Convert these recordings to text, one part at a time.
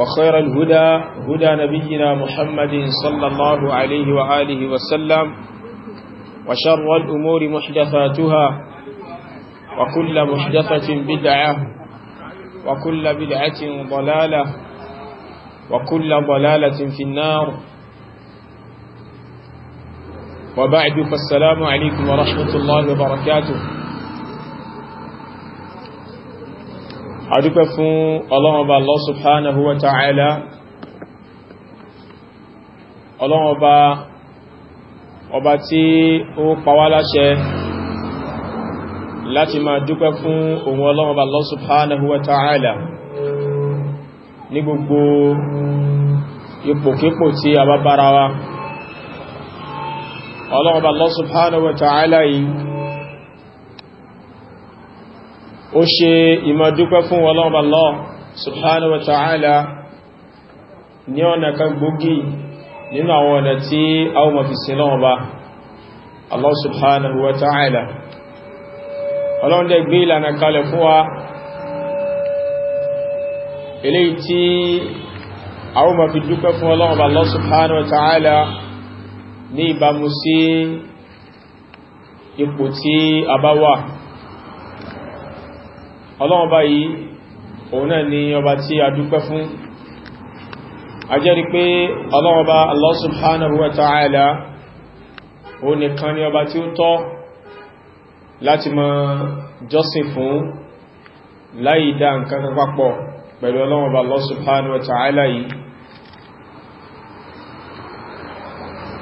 وخير الهدى هدى نبينا محمد صلى الله عليه وآله وسلم وشر الأمور محدثاتها وكل محدثة بدعة وكل بدعة ضلالة وكل ضلالة في النار وبعد فالسلام عليكم ورحمة الله وبركاته adúpẹ́ fún ọlọ́wọ́ba Allah subhanahu wa ta'ala ọlọ́wọ́ba ọba tí ó pàwá láṣẹ láti máa dúpẹ́ fún ohun ọlọ́wọ́ba Allah subhanahu wa ta'ala ní gbogbo ipòkípò tí a bá bára wa ọlọ́wọ́ba Allah subhanahu wa ta'ala yìí ó ṣe ìmọ̀dúpẹ́ fún ọlọ́ọ̀bàlọ́ subhanahu wa ta'ala ní ọ̀nà kan gbógi nínú àwọn ọ̀nà tí a ó mafi sí lọ́wọ́ bá Allah subhanahu wa ta'ala ọlọ́run dẹ̀ gbé ìlànà kalẹ̀ fún wa ilé tí a ó mafi dúpẹ́ fún ọlọ́ọ̀bàlọ́ ọlọ́run báyìí òun náà ni ọba tí a dúpẹ́ fún a jẹ́rí pé ọlọ́run bá Allah subhanahu wa ta'ala òun nìkan ni ọba tí ó tọ́ láti mọ jọ́sìn fún láì dá nǹkan kan papọ̀ pẹ̀lú ọlọ́run bá Allah subhanahu wa ta'ala yìí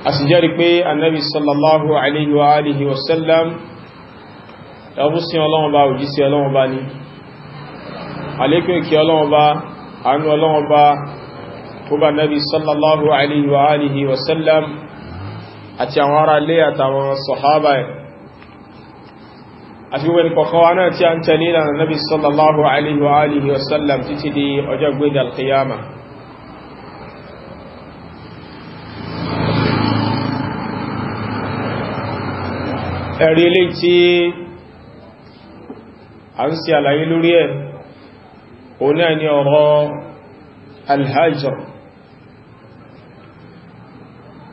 a sì jẹ́rí pé annabi sallallahu alaihi wa alihi wasallam ẹbú sí ọlọ́run bá òjísí ọlọ́run bá ní àlékún ìkẹ́ ọlọ́wọ́n bá àánú ọlọ́wọ́n bá tó bá nabi sallallahu alaihi wa alihi wasallam àti àwọn ará lé àtàwọn sọ̀hábà ẹ̀ àfi wẹni kọ̀kọ́ wa náà tí a ń tẹ̀lé ìlànà nabi sallallahu alaihi wa alihi wasallam títí di ọjọ́ gbé dalkiyama ẹ̀rí ilé tí a ń ṣe àlàyé lórí ẹ̀ òun náà ni ọ̀rọ̀ alhajjọ́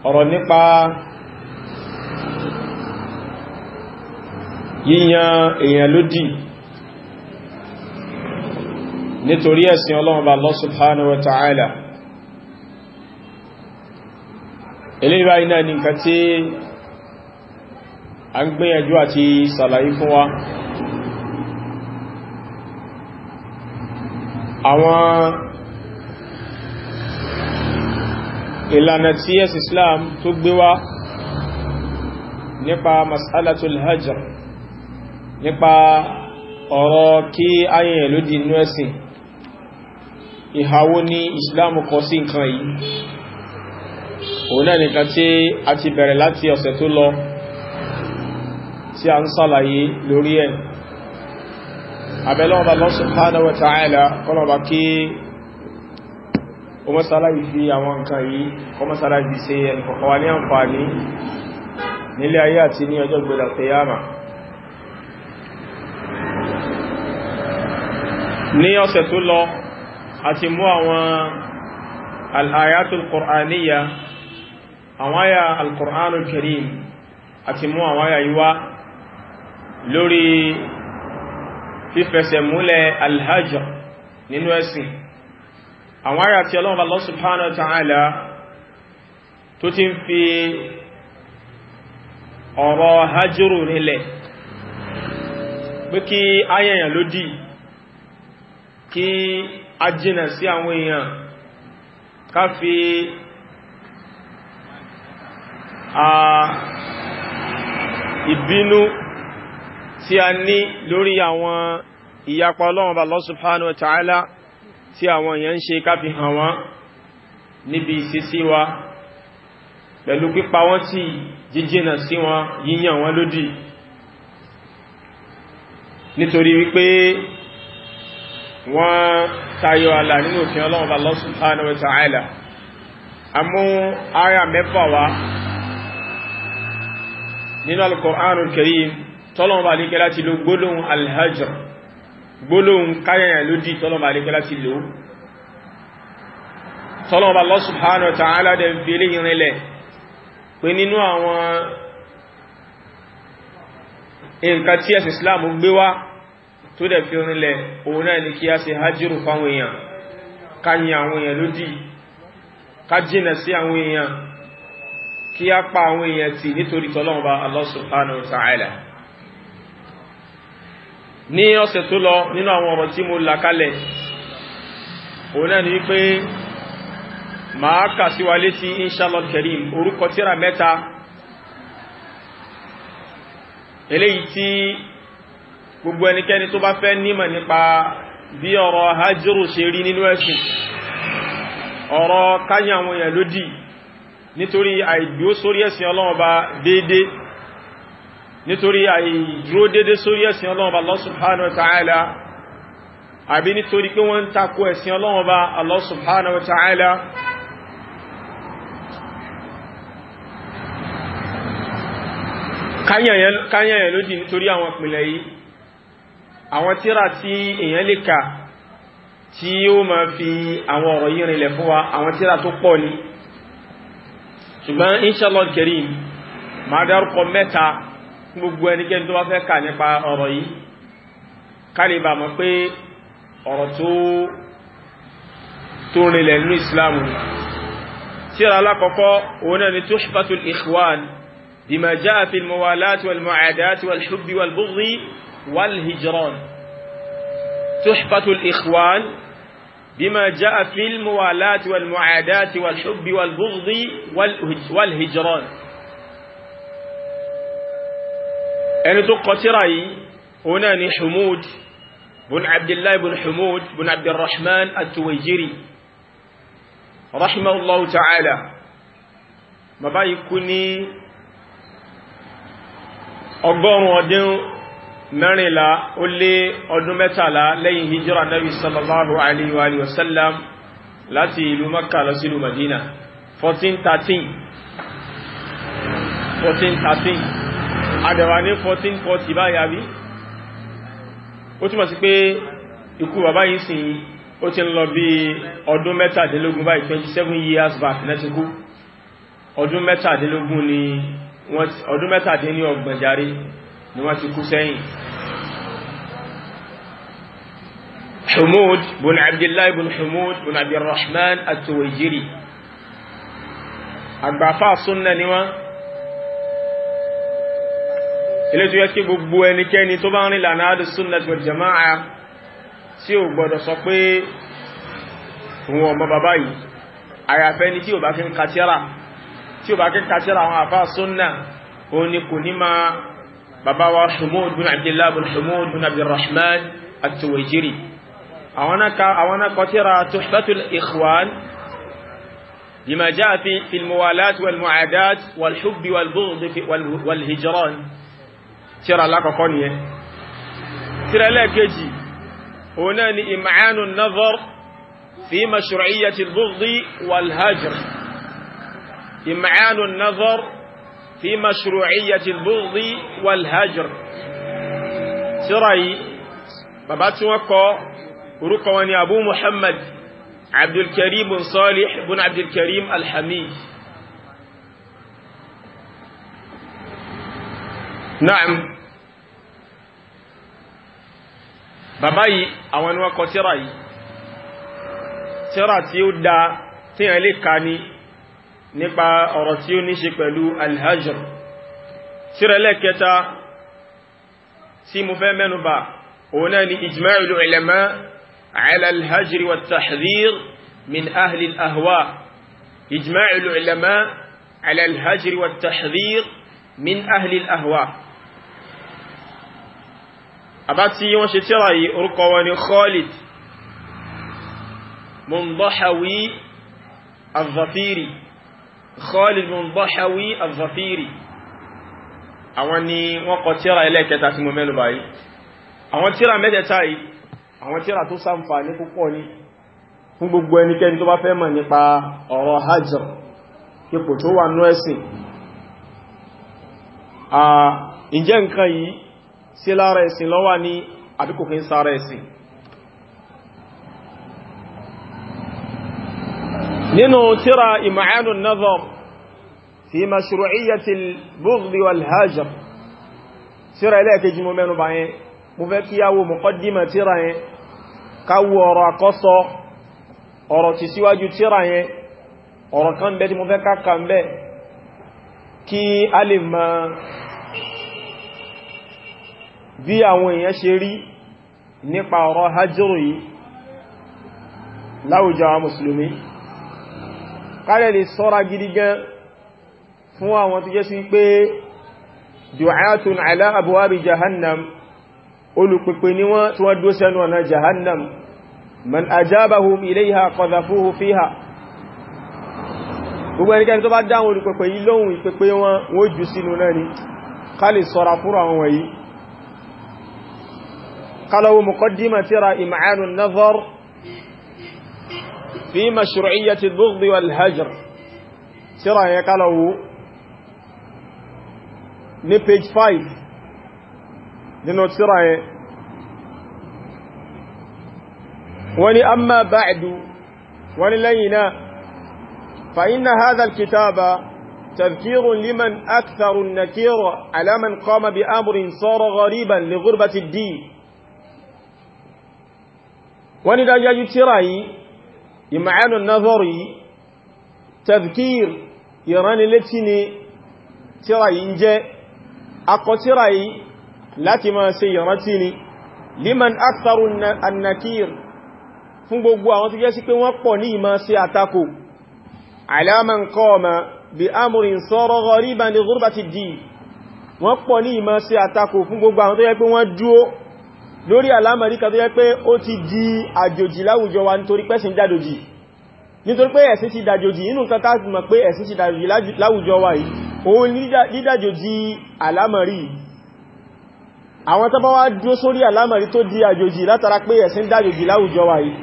ọ̀rọ̀ nípa yíyan èèyàn lódì nítorí ẹ̀sìn ọlọ́run bá Allah subhanahu wa ta'ala eléyìí báyìí náà ni nǹkan tí a ń gbìyànjú àti sàlàyé fún wa àwọn ìlànà tí ẹ̀sì Islam tó gbé wá nípa masalatul hajjar nípa ọ̀rọ̀ kí ayẹyẹ ló di inú ẹ̀sìn ìhàwó ní Islam kọ sí nǹkan yìí òun náà nìkan tí a ti bẹ̀rẹ̀ láti ọ̀sẹ̀ tó lọ tí a ń sàlàyé lórí ẹ̀ abẹ́lọ́wọ́ Allah subhanahu wa ta'ala kọ́lọ̀bà kí o mọ́sára ìfi àwọn nǹkan yìí kọ mọ́sára ìfi ṣe ẹnkọ̀kọ́ wa ní àǹfààní nílé ayé àti ní ọjọ́ gbẹ̀dà tẹ́yàmà ní ọ̀sẹ̀ tó lọ àti mú àwọn al-ayatul fífẹsẹ̀múlẹ̀ alhajjọ nínú ẹ̀sìn àwọn ará tí ọlọ́run Allah subhanahu wa ta'ala tó ti ń fi ọ̀rọ̀ hajjúrù nílẹ̀ pé kí ayẹyàn lódì kí a sí àwọn èèyàn ká fi ìbínú tí a ní lórí àwọn ìyapa ọlọ́run Allah subhanahu wa ta'ala tí àwọn èèyàn ń ṣe káfi hàn wọ́n níbi ìsísí wa pẹ̀lú pípa wọ́n tí jíjìnà sí wọn yíyàn wọn lódì nítorí wípé wọ́n tayọ àlà nínú òfin ọlọ́run Allah subhanahu wa amú ara mẹ́fà wá nínú al-Qur'anul Karim tọ́lọ̀mọba àríkẹ́ láti lo gbólóhùn alhajr gbólóhùn káyẹ̀yà lódí tọ́lọ̀mọba àríkẹ́ láti lo tọ́lọ̀mọba Allah subhanahu wa ta'ala dẹ̀ fi ilé ìrìnlẹ̀ pé nínú àwọn nǹkan tí ẹ̀sìn Islam gbé wá tó dẹ̀ fi ìrìnlẹ̀ òun náà ni kí a ṣe hajjiru fáwọn èèyàn káyẹ pa àwọn èèyàn tì nítorí tọ́lọ̀mọba Allah subhanahu wa ta'ala ní ọ̀sẹ̀ tó lọ nínú àwọn ọ̀rọ̀ tí mo là òun náà ni wípé màá kà sí wa létí inshallah kerim. orúkọ tírà mẹ́ta eléyìí tí gbogbo ẹnikẹ́ni tó bá fẹ́ nímọ̀ nípa bí ọ̀rọ̀ hajjúrù ṣe rí nínú ẹ̀sìn ọ̀rọ̀ káyàwọn èèyàn lódì nítorí àìgbó sórí ẹ̀sìn ọlọ́wọ́ déédéé nítorí àìdúró dédé sórí ẹ̀sìn ọlọ́ọ̀bá Allah subhanahu wa ta'ala àbí nítorí pé wọ́n ń takò ẹ̀sìn ọlọ́ọ̀bá Allah subhanahu wa ta'ala káyẹ̀yẹ̀ lódì nítorí àwọn ìpìlẹ̀ yìí àwọn tíra tí èyàn lè kà tí ó ma fi àwọn ọ̀rọ̀ yìí rìnlẹ̀ fún wa àwọn tíra tó pọ̀ ni ṣùgbọ́n inshallah karim ma dárúkọ mẹ́ta gbogbo ẹnikẹ́ni tó bá fẹ́ kà nípa ọ̀rọ̀ yìí kálíbà mọ̀ pé ọ̀rọ̀ tó tó rinlẹ̀ nínú ìsìláàmù tíra alákọ̀ọ́kọ́ òun náà ni Tuhfatul Ikhwan bima jaa fil muwalati wal mu'adati wal hubbi wal bughdi wal hijran Tuhfatul Ikhwan bima jaa fil muwalati wal mu'adati wal hubbi wal bughdi wal ẹni tó kọ tírà yìí òun náà ni Humud bun Abdullahi bun Humud bun Abdurrahman at-Tuwaijiri rahimahullahu ta'ala bàbá yìí kú ní ọgọ́rùn ọdún mẹ́rìnlá ó lé ọdún mẹ́tàlá lẹ́yìn hijira nabi sallallahu alaihi wa sallam láti ìlú Makka lọ sí Madina 1413 1413 àdẹ̀wà ní 1440 báyìí àbí ó túnmọ̀ sí pé ikú bàbá yìí sì ó ti ń lọ bí ọdún mẹ́tàdínlógún báyìí 27 years back lẹ́tíkú ọdún mẹ́tàdínlógún ni wọ́n ọdún mẹ́tàdínní ọgbọ̀n járe ni wọ́n ti kú sẹ́yìn Humud bin Abdullahi bin Humud bin Abdurrahman at-Tuwajiri àgbàfà súnnà ilé tó yẹ kí gbogbo ẹnikẹ́ni tó bá ń rìn lànà àdùn sunnah wal jama'a tí ò gbọdọ̀ sọ pé òun ọmọ bàbá yìí àyàfẹ́ ni tí ò bá kí ń kàtíra tí ò bá kí ń kàtíra àwọn àfá sunnah òun ni kò ní máa bàbá wa Humud bin Abdillah bin Humud bin Abdurrahman at-Tuwajiri àwọn náà tíra alákọ̀ọ́kọ́ nìyẹn tíra ẹlẹ́ẹ̀kejì òun náà ni ìmàánù nazar fi mashru'iyyati al-bughdi wal-hajr ìmàánù nazar fi mashru'iyyati al-bughdi wal-hajr tíra yìí bàbá tí wọ́n kọ orúkọ wọn ni abu muhammad الكريم bin salih bin abdulkarim alhamid na'am bàbá yìí àwọn ẹni wọ́n kọ tíra yìí tíra tí ó dá tí ẹ̀ lè ká ní nípa ọ̀rọ̀ tí ó ní ṣe pẹ̀lú alhajr tíra lẹ́kẹta tí mo fẹ́ menu ba òun náà ni ijma'ul ulama ala alhajr wa tahdhir min ahli ahwa ijma'ul ulama ala alhajr wa tahdhir min ahli ahwa àbá tí wọ́n ṣe tíra yìí orúkọ wọn ni Khalid Mundahawi al-Zafiri Khalid Mundahawi al-Zafiri àwọn ni wọ́n kọ tíra ẹlẹ́kẹta sí mo mẹ́nu báyìí àwọn tíra mẹ́tẹ̀ẹ̀ta yìí àwọn tíra tó ṣàǹfààní púpọ̀ ni fún gbogbo ẹnikẹ́ni tó bá fẹ́ mọ̀ nípa ọ̀rọ̀ hajjọ ipò tó wà nú ẹ̀sìn ǹjẹ́ nǹkan yìí sí lára ẹ̀sìn lọ́wà ní àbíkòkín sára ẹ̀sìn nínú tíra ìmọ̀ánù nazar fi mashru'iyyatil bughdi wal hajar tíra ẹlẹ́ẹ̀kejì mo mẹ́nu bá yẹn mo fẹ́ kíyàwó muqaddima tíra yẹn káwọ ọ̀rọ̀ àkọ́sọ ọ̀rọ̀ ti síwájú tíra yẹn ọ̀rọ̀ kan bẹ́ tí mo fẹ́ káàkà bẹ́ kí a bí àwọn èèyàn ṣe rí nípa ọ̀rọ̀ hajjúrù yìí láwùjọ àwọn mùsùlùmí kálẹ̀ lè sọ́ra gidi gan fún àwọn tó jẹ́ sí pé du'atun ala abwabi jahannam olùpẹ̀pẹ̀ ni wọ́n tí wọ́n dó man ajabahum ilayha qadhafuhu fiha gbogbo ẹnikẹ́ni tó bá dáhùn olùpẹ̀pẹ̀ yìí lóhun ìpẹ̀pẹ̀ wọn wó jù sínú náà ni ká lè sọ́ra fúrò àwọn wọ̀nyí هو مقدمة ترى إمعان النظر في مشروعية البغض والهجر ترى قالوا قال هو 5 nínú tírà ẹ wọ́n ni بعد ba'du فإن هذا الكتاب تذكير لمن أكثر النكير على من قام بأمر صار غريبا لغربة الدين wọ́n ni dájájú tíra yìí ìmáyánù nazọ́rù yìí tazkir ìránilétí ni tíra yìí jẹ́ akọ tíra yìí láti máa ṣe ìrántí ni liman aktharu annakir fún gbogbo àwọn tó jẹ́ sí pé wọ́n pọ̀ ní ìmá ṣe àtakò alaman qama bi amrin sara ghariban li ghurbati ddin wọ́n pọ̀ ní ìmá ṣe àtakò fún gbogbo àwọn tó jẹ́ pé wọ́n dúó lórí àlámọ̀rí kan tó yẹ pé ó ti di àjòjì láwùjọ wa nítorí pẹ́sìn dàjòjì nítorí pé ẹ̀sìn ti dàjòjì inú nǹkan tá mọ̀ pé ẹ̀sìn ti dàjòjì láwùjọ wa yìí òun dídàjòjì àlámọ̀rí àwọn tó bá wá dúró sórí àlámọ̀rí tó di àjòjì látara pé ẹ̀sìn dàjòjì láwùjọ wa yìí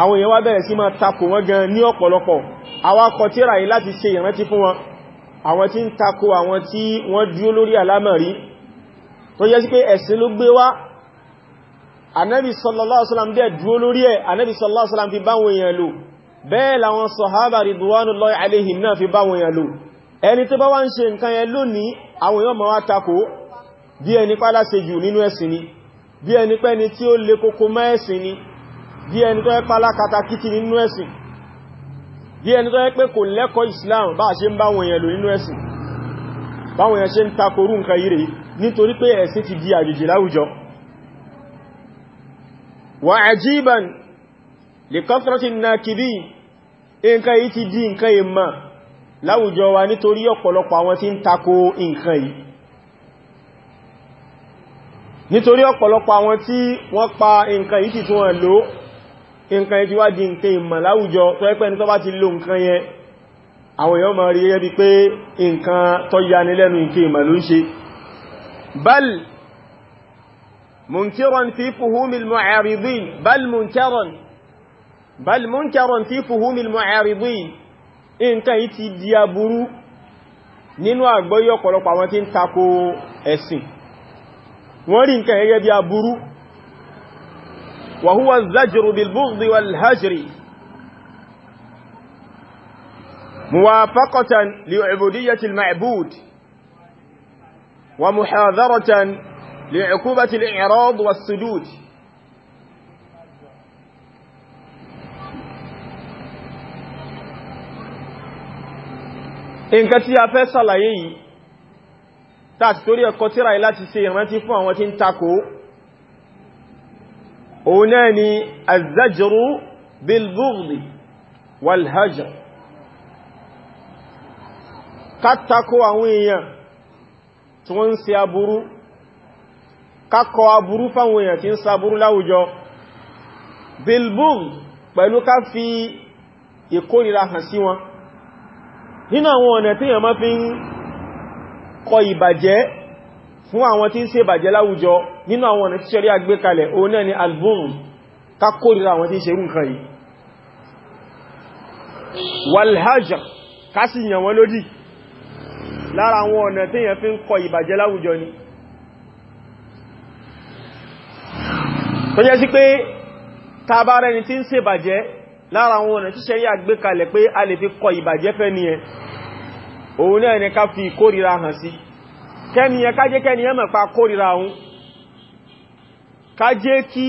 àwọn èèyàn wá bẹ̀rẹ̀ sí máa takò wọ́n gan ní ọ̀pọ̀lọpọ̀ àwọn akọtíra yìí láti ṣe ìrántí fún wọn àwọn tí ń takò àwọn tí wọ́n dúró lórí àlámọ̀rí tó yẹ sí pé ẹ̀sìn ló gbé wá anabi sallallahu alaihi wasallam dẹ̀ dúró lórí ẹ̀ anabi sallallahu alaihi wasallam fi báwọn èèyàn lò bẹ́ẹ̀ làwọn sọ̀hábà ridwanullahi alaihim náà fi báwọn èèyàn lò ẹni tó bá wá ń ṣe nǹkan yẹn lónìí àwọn èèyàn ma wá takò bí ẹni pálá ṣe jù nínú ẹ̀sìn ni bí ẹni pẹ́ni tí ó le koko mọ́ ẹ̀sìn ni bí ẹni tó yẹ pálá katakítí nínú ẹ̀sìn bí ẹni وعجيبا لكثرة الناكبين nǹkan yìí ti di nǹkan ìmọ̀ láwùjọ wa nítorí ọ̀pọ̀lọpọ̀ àwọn tí ń tako nǹkan yìí nítorí ọ̀pọ̀lọpọ̀ àwọn tí wọ́n pa nǹkan yìí ti tún wọn lò nǹkan yìí ti wá di nǹkan ìmọ̀ láwùjọ tó ẹ́pẹ́ ní tó bá ti lo nǹkan yẹn àwọn èèyàn máa rí gẹ́gẹ́ pé nǹkan tó yanilẹ́nu nǹkan ìmọ̀ ló ń ṣe منكرا في فهوم المعارضين بل منكرا بل منكرا في فهوم المعارضين انتهت ديابرو نينو اغبوي اوپلوپو awon tin tako esin won ri nkan وهو الزجر بالبغض والهجر موافقة لعبودية المعبود ومحاذرة لعقوبة الإعراض والسجود nǹkan tí a fẹ́ sàlàyé yìí tàti torí ẹ̀kọ́ tíra yìí láti ṣe ìrántí fún àwọn tí ń takò òun náà ni azajru bilbugdi walhajar ká takò àwọn èèyàn tí wọ́n ń ṣe aburú kákọ aburú fáwọn èèyàn tí ń saburú láwùjọ bilbul pẹ̀lú ká fi ìkórira hàn sí wọn nínú àwọn ọ̀nà tí èèyàn máa fi ń kọ ìbàjẹ́ fún àwọn tí ń ṣe ìbàjẹ́ láwùjọ nínú àwọn ọ̀nà tí ni album ká kórira àwọn tí ń ṣe nǹkan yìí walhajar ká sì yàn wọ́n lódì lára àwọn ọ̀nà tí èèyàn fi ń kọ ìbàjẹ́ láwùjọ ni tó jẹ́ sí pé tàbára ẹni tí ń ṣe bàjẹ́ lára àwọn ọ̀nà tí ṣẹ̀ríà gbé kalẹ̀ pé a lè fi kọ ìbàjẹ́ fẹ́ ni ẹ òun náà ni ká fi kórìíra hàn sí kẹ́niyẹ ká jẹ́ kẹ́niyẹ mọ̀ pa kórìíra òun ká jẹ́ kí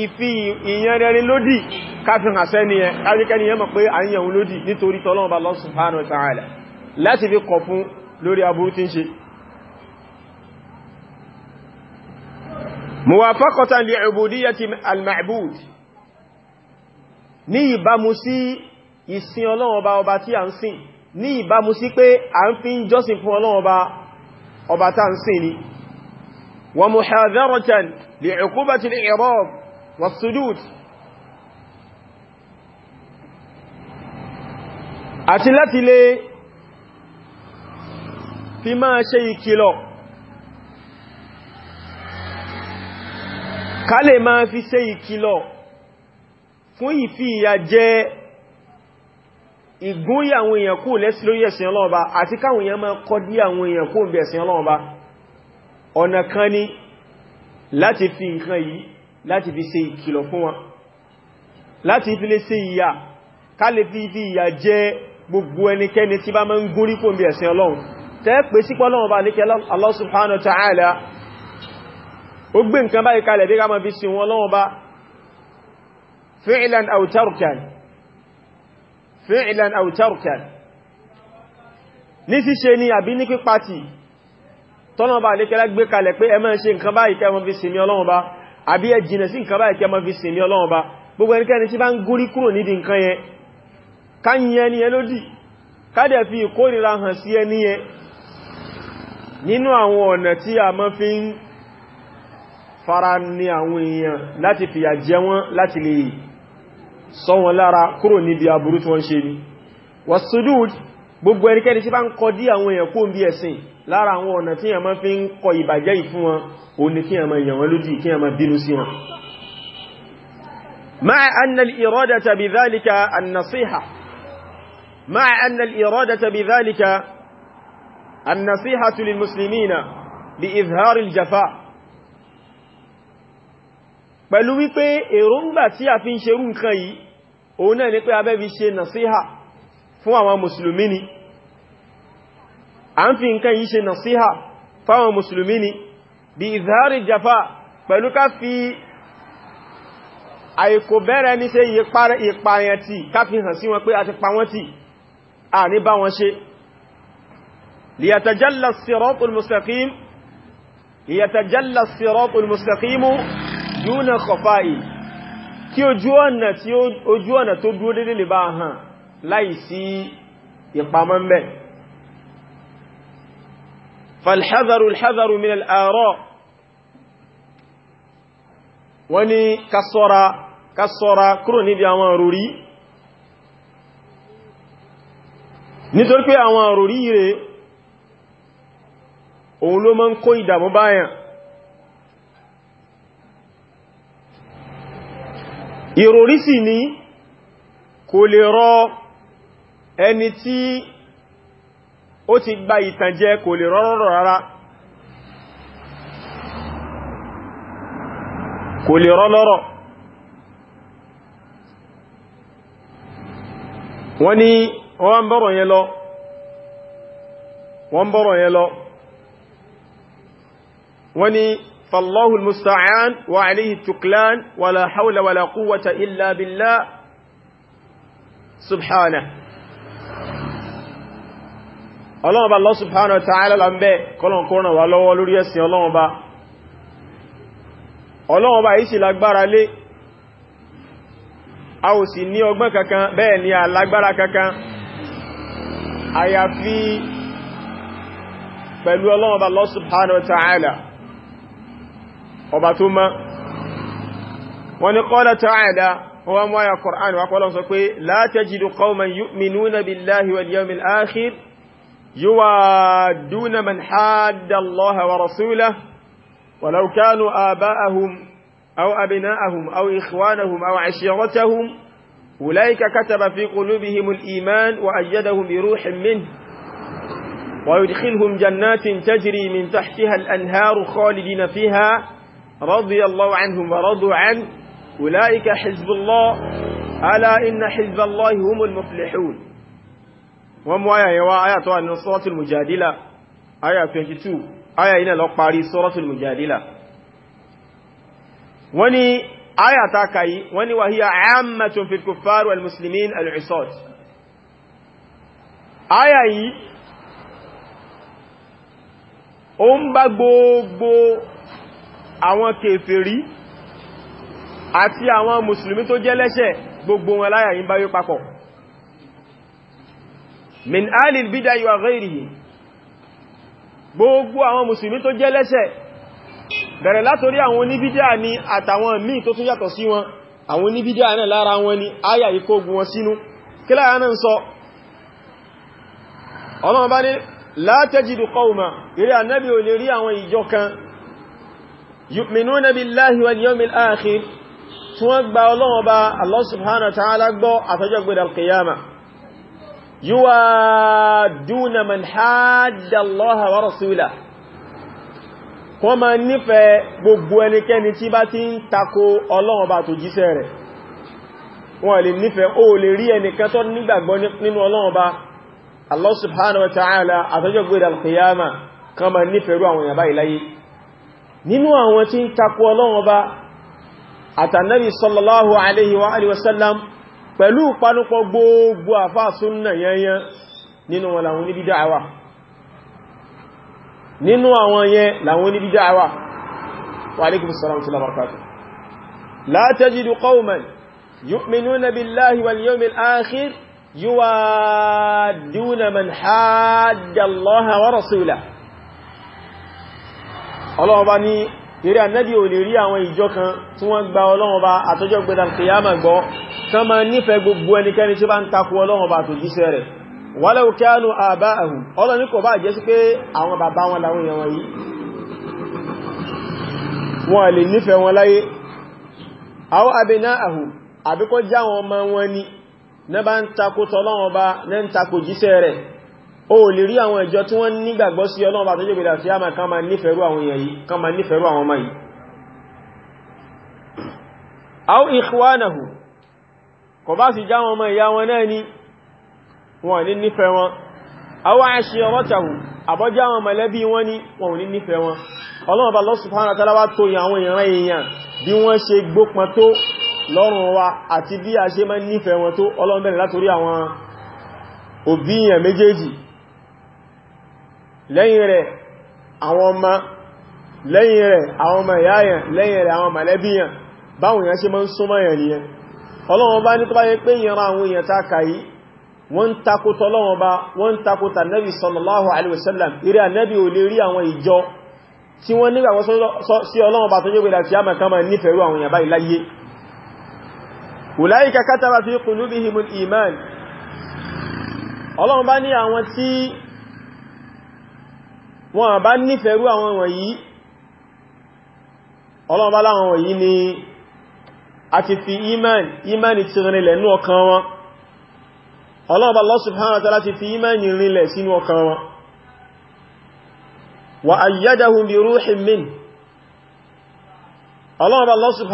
ìfi ìyẹnrẹni lódì ká fi hàn sẹ́niyẹ ká jẹ́ kẹ́niyẹ lódì nítorí tọ́lọ́run Subhanahu wa muwafaqatan li ubudiyyati al-ma'bud ní ìbámu sí ìsìn ọlọ́run ọba ọba tí a ń sìn ní ìbámu sí pé a ń fi ń jọ́sìn fún ọlọ́run ọba tá ń sìn ni wa muhadharatan li uqubati al-i'rab wa as-sujud àti láti lè fi máa ṣe ìkìlọ̀ ká lè máa fi ṣe ìkìlọ̀ fún ìfi ìyà jẹ ìgúnyà àwọn èèyàn kú lẹ́sí lórí ẹ̀sìn ọlọ́ọ̀ba àti káwọn èèyàn máa kọ́ dí àwọn èèyàn kú bí ẹ̀sìn ọlọ́ọ̀ba ọ̀nà kan ni láti fi nǹkan yìí láti fi ṣe ìkìlọ̀ fún wọn láti fi lè ṣe ìyà ká fi fi ìyà jẹ gbogbo ẹnikẹ́ni tí bá máa ń gúnrí kú bí ẹ̀sìn ọlọ́run Allah subhanahu wa ta'ala ó gbé nǹkan báyìí kalẹ̀ bí ká máa fi sin wọn lọ́wọ́ bá fi'lan aw tarkan fi'lan aw tarkan ní ṣíṣe ni àbí ní pípa tì tọ́nà bá lè kẹ́lá gbé kalẹ̀ pé ẹ máa ṣe nǹkan báyìí kẹ́ máa fi sin mi Ọlọ́run bá àbí ẹ jìnà sí nǹkan báyìí kẹ́ máa fi sin mi Ọlọ́run bá gbogbo ẹnikẹ́ni tí bá ń gúrí kúrò nídìí nǹkan yẹn ká yẹn ni ẹ lódì ká dẹ̀ fi ìkórìíra hàn sí ẹni yẹn nínú àwọn ọ̀nà tí a máa fi ń fara ní àwọn èèyàn láti fìyà jẹ wọ́n láti lè sọ wọn lára kúrò níbi aburú tí wọ́n ṣe ní wasujud gbogbo ẹnikẹ́ni tí bá ń kọ dí àwọn èèyàn kó ń bí ẹ̀sìn lára àwọn ọ̀nà tí yàmá fi ń kọ ìbàjẹ́ ìfún wọn pẹ̀lú wípé èròǹgbà tí a fi ń ṣerú nǹkan yìí òun náà ni pé abẹ́bí ṣe nàṣíhà fún àwọn mùsùlùmí ni a ń fi nǹkan yìí ṣe nàṣíhà fáwọn mùsùlùmí ni bí ìzárí jafa pẹ̀lú ká fi àìkò bẹ̀rẹ̀ ní ṣe ìpààyàn tí ká fi dúnà kọfà yìí kí ojú ọ̀nà tí ojú ọ̀nà tó dúró dédé lè bá hàn láì sí ìpamọ́ ń bẹ̀ falhadaru alhadaru min al'arọ́ wọ́n ni kasọ́ra kasọ́ra kúrò níbi àwọn òrùrí nítorí pé àwọn òrùrí rẹ̀ òun ló mọ́ ń kó ìdàmú báyàn ìròrí sì ni kò lè rọ ẹni tí ó ti gba ìtànjẹ kò lè rọrọrọ rárá kò lè rọ lọ́rọ̀ wọ́n ni wọ́n bọ́rọ̀ yẹn lọ wọ́n bọ́rọ̀ yẹn lọ wọ́n ni فالله المستعان وعليه التكلان ولا حول ولا قوة إلا بالله سبحانه ọlọ́run ọba Allah subhanahu wa ta'ala la ń bẹ́ kọlọ̀n kọ́nà wà lọ́wọ́ lórí ẹ̀sìn ọlọ́run ọba ọlọ́run ọba yìí sì lágbára lé a ò sì ní ọgbọ́n kankan bẹ́ẹ̀ ni a lágbára kankan àyàfi pẹ̀lú ọlọ́run ọba Allah subhanahu wa ta'ala ọba tó mọ́ wọ́n ni kọ́lá ta àìdá wọ́n mọ́ ya Qur'an wa kọ́lá sọ pé la tajidu qawman yu'minuna billahi wal yawmil akhir yuwadduna man hadda Allah wa rasulahu walau kanu aba'ahum aw abna'ahum aw ikhwanahum aw 'ashiratahum أولئك كتب في قلوبهم الإيمان وأيدهم بروح منه ويدخلهم جنات تجري من تحتها الأنهار خالدين فيها رضي الله عنهم ورضوا عن أولئك حزب الله ألا إن حزب الله هم المفلحون ومو آية يوا آية طوال سورة المجادلة آية 22 آية إلى لقباري سورة المجادلة وني آية تاكاي وني وهي عامة في الكفار والمسلمين العصاة آية ó ń àwọn kèfèrí àti àwọn mùsùlùmí tó jẹ́ lẹ́ṣẹ̀ gbogbo wọn láyà yí báyé papọ̀ min alil bídá yíwa ghairihi gbogbo àwọn mùsùlùmí tó jẹ́ lẹ́ṣẹ̀ bẹ̀rẹ̀ látorí àwọn oníbídá ni àtàwọn míì tó tún yàtọ̀ sí wọn àwọn oníbídá náà lára wọn ni áyà ìkógun wọn sínú kí láyà náà sọ ọlọ́run bá ní la tajidu qawma ìrẹ́ ànábì ò lè rí àwọn ìjọ kan yu'minuna billahi wal yawmil akhir tí wọ́n gba Ọlọ́run bá Allah subhanahu wa ta'ala gbọ́ àtọ́jọ́ gbẹ̀dẹ̀ alkiyama yuwadduna man hadda Allaha wa rasulahu wọ́n máa nífẹ̀ẹ́ gbogbo ẹnikẹ́ni tí bá ti ń tako Ọlọ́run bá tó jíṣẹ́ rẹ̀ wọ́n lè nífẹ̀ẹ́ ó lè rí ẹnìkan tó Allah subhanahu wa ta'ala àtọ́jọ́ gbẹ̀dẹ̀ alkiyama kan máa nífẹ̀ẹ́ rú àwọn ìyàbá ìláyé nínú àwọn tí ń takò ọlọ́run ọba àtànẹ́bì sallallahu alaihi wa alihi wasallam pẹ̀lú ìpanupọ̀ gbogbo àfáà súnnà yẹnyẹn nínú wọn làwọn oníbídá àwà nínú àwọn yẹn làwọn oníbídá àwà wa alaikumus salam wa rahmatullahi wa barakatuh la ọlọ́wọ́ bá ní eré ànábì ò lè rí àwọn ìjọ kan tí wọ́n gba ọlọ́wọ́ bá àtọ́jọ́ gbẹdà kìyàmà gbọ́ tán máa nífẹ̀ẹ́ gbogbo ẹnikẹ́ni tí bá ń takú ọlọ́wọ́ bá tó jíṣẹ́ rẹ̀ walau kanu aba'ahum ọlọ́ ní kò bá jẹ́ sí pé àwọn bàbá wọn làwọn ni na bá ń takú tọ́lọ́wọ́ bá na ń takú jíṣẹ́ rẹ̀ o lè rí àwọn ìjọ tí wọ́n nígbàgbọ́ sí Ọlọ́run bá tó jẹ́ gbẹ̀dà kíyàmà kan ma nífẹ̀ẹ́rú àwọn èèyàn yìí kan ma nífẹ̀ẹ́rú àwọn ọmọ yìí aw ikhwanahu kò bá sì já wọn ọmọ ìyá wọn náà ni wọn ní nífẹ̀ẹ́ wọn aw ashiratahu àbọ́já wọn mọ̀lẹ́bí wọn ni wọn ní nífẹ̀ẹ́ wọn Ọlọ́run bá Allah subhanahu wa ta'ala wá tó yàn àwọn èèyàn bí wọ́n ṣe gbópọn tó lọ́rùn wa àti bí a ṣe máa nífẹ̀ẹ́ wọn tó Ọlọ́run bẹ̀rẹ̀ látorí àwọn òbí èèyàn méjèèjì lẹ́yìn rẹ̀ àwọn ọmọ lẹ́yìn rẹ̀ àwọn ọmọ ìyáyàn lẹ́yìn rẹ̀ àwọn mọ̀lẹ́bíyàn báwọn èèyàn ṣe máa ń súnmọ́ èèyàn ni yẹn ọlọ́wọ́n bá ní tó bá yẹ pé ìyẹn àwọn èèyàn ta kàyí wọ́n ń takótọ́ lọ́wọ́n bá wọ́n ń takótà nẹ́bì sallallahu alaihi wasallam eré ànẹ́bì ò lè rí àwọn ìjọ tí wọ́n nígbàgbọ́ bá ní àwọn tí wọn bá nífẹ̀ẹ́rú àwọn wọ̀nyí ọlọ́ọ̀bá láwọn wọ̀nyí ni a ti fi imani imani ti rinlẹ̀ ní ọkàn wọn ọlọ́ọ̀bá Allah subhanahu wa ta'ala ti fi imani rinlẹ̀ sínú ọkàn wọn wa ayyadahum bi ruhin min ọlọ́ọ̀bá lọ́wọ́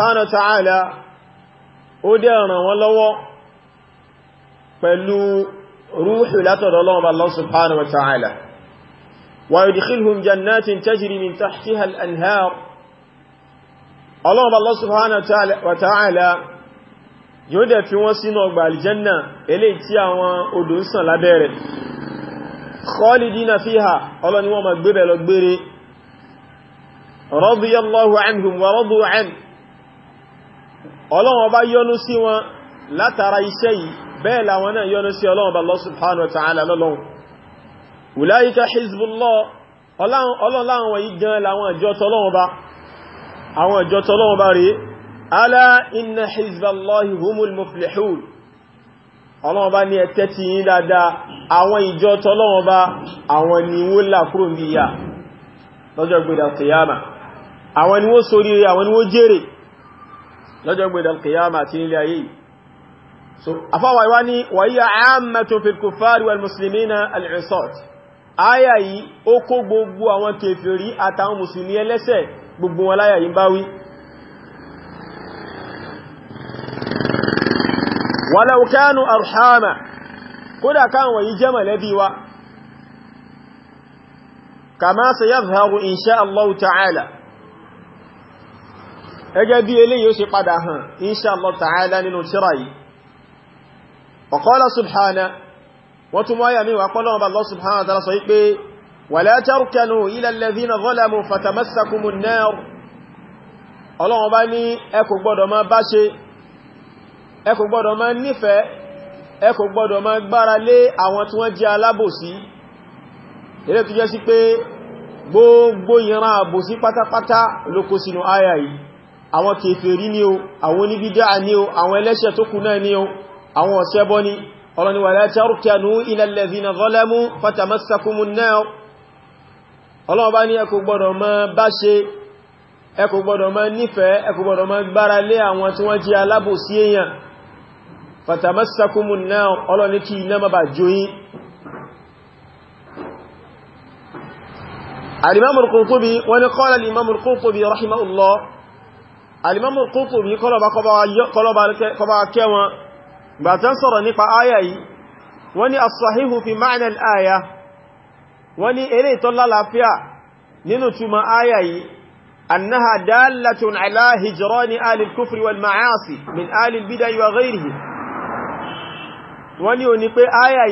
pẹ̀lú rúhù látọ̀dọ̀ ọlọ́ọ̀bá Allah ويدخلهم جنات تجري من تحتها الأنهار الله سبحانه وتعالى yóò dẹ̀ fi wọ́n sínú ọgbà aljanna eléyìí tí àwọn odò ń sàn lábẹ́ rẹ̀ khalidina fiha ọlọ́ni wọ́n ma gbébẹ̀ lọ gbére radiyallahu anhum wa radu an ọlọ́wọ́n bá yọ́nú sí wọn látara iṣẹ́ yìí bẹ́ẹ̀ làwọn náà yọ́nú sí ọlọ́wọ́n ulaika hizbullah ọlọ́run láwọn wọ̀nyí gan láwọn ìjọ tọ́lọ́wọ́n bá àwọn ìjọ tọ́lọ́wọ́n bá rí ala inna hizballahi humul muflihun ọlọ́wọ́n bá ní ẹ̀tẹ́ ti yí dáadáa àwọn ìjọ tọ́lọ́wọ́n bá àwọn ni wó là kúrò ní ìyà lọ́jọ́ gbẹ̀dà kìyàmà àwọn ni wó sórí àwọn ni wó jèrè lọ́jọ́ gbẹ̀dà kìyàmà ti áyà yìí ó kó gbogbo àwọn kèfèrí àtàwọn mùsùlùmí ẹlẹ́sẹ̀ gbogbo wọn láyà yìí bá wí walau kanu arhama kódà káwọn yìí jẹ́ mọ̀lẹ́bí wa kama sayadhharu insha Allah ta'ala ẹgẹ́ bí eléyìí ó ṣe padà hàn insha Allah ta'ala nínú tírà yìí wọ́n tún wáyà mí wà pọ́lọ́wọ́ bá lọ́sùn hàn àtàrà sọ wípé wà látàrùkẹnù ilẹ̀lẹ́dí na gọ́lẹ̀mù fàtàmẹ́sàkùnmù náà ọlọ́wọ́n bá ní ẹ kò gbọ́dọ̀ máa bá ṣe ẹ kò gbọ́dọ̀ máa nífẹ̀ẹ́ ẹ kò àwọn kèfèrí ni o àwọn oníbídá ni o àwọn ẹlẹ́ṣẹ̀ tó kù náà ni o àwọn ọ̀ṣẹbọ ni ọlọ́ni wà láti arúkẹ̀nú ilẹ̀lẹ̀zina zọ́lẹ́mú fatamassakumu náà ọlọ́wọ́ bá ní ẹ kò gbọ́dọ̀ má bá ṣe ẹ kò gbọ́dọ̀ má nífẹ̀ẹ́ ẹ kò gbọ́dọ̀ má gbára lé àwọn tí wọ́n jẹ́ alábòsí èèyàn fatamassakumu náà ọlọ́ni kí iná má bà jóyín alimamul Qurtubi wani qala alimamul Qurtubi rahimahullah alimamul Qurtubi kọlọba kẹwọn gbàtán sọ̀rọ̀ nípa áyà yìí wọ́n ni as-sahihu fi ma'na al-áyà wọ́n ni eré ìtọ́lá láfíà nínú túnmọ̀ áyà yìí annaha dallatun ala hijrani alil kufri wal ma'asi min alil bidai wa ghairihi wọ́n ni o ní pé áyà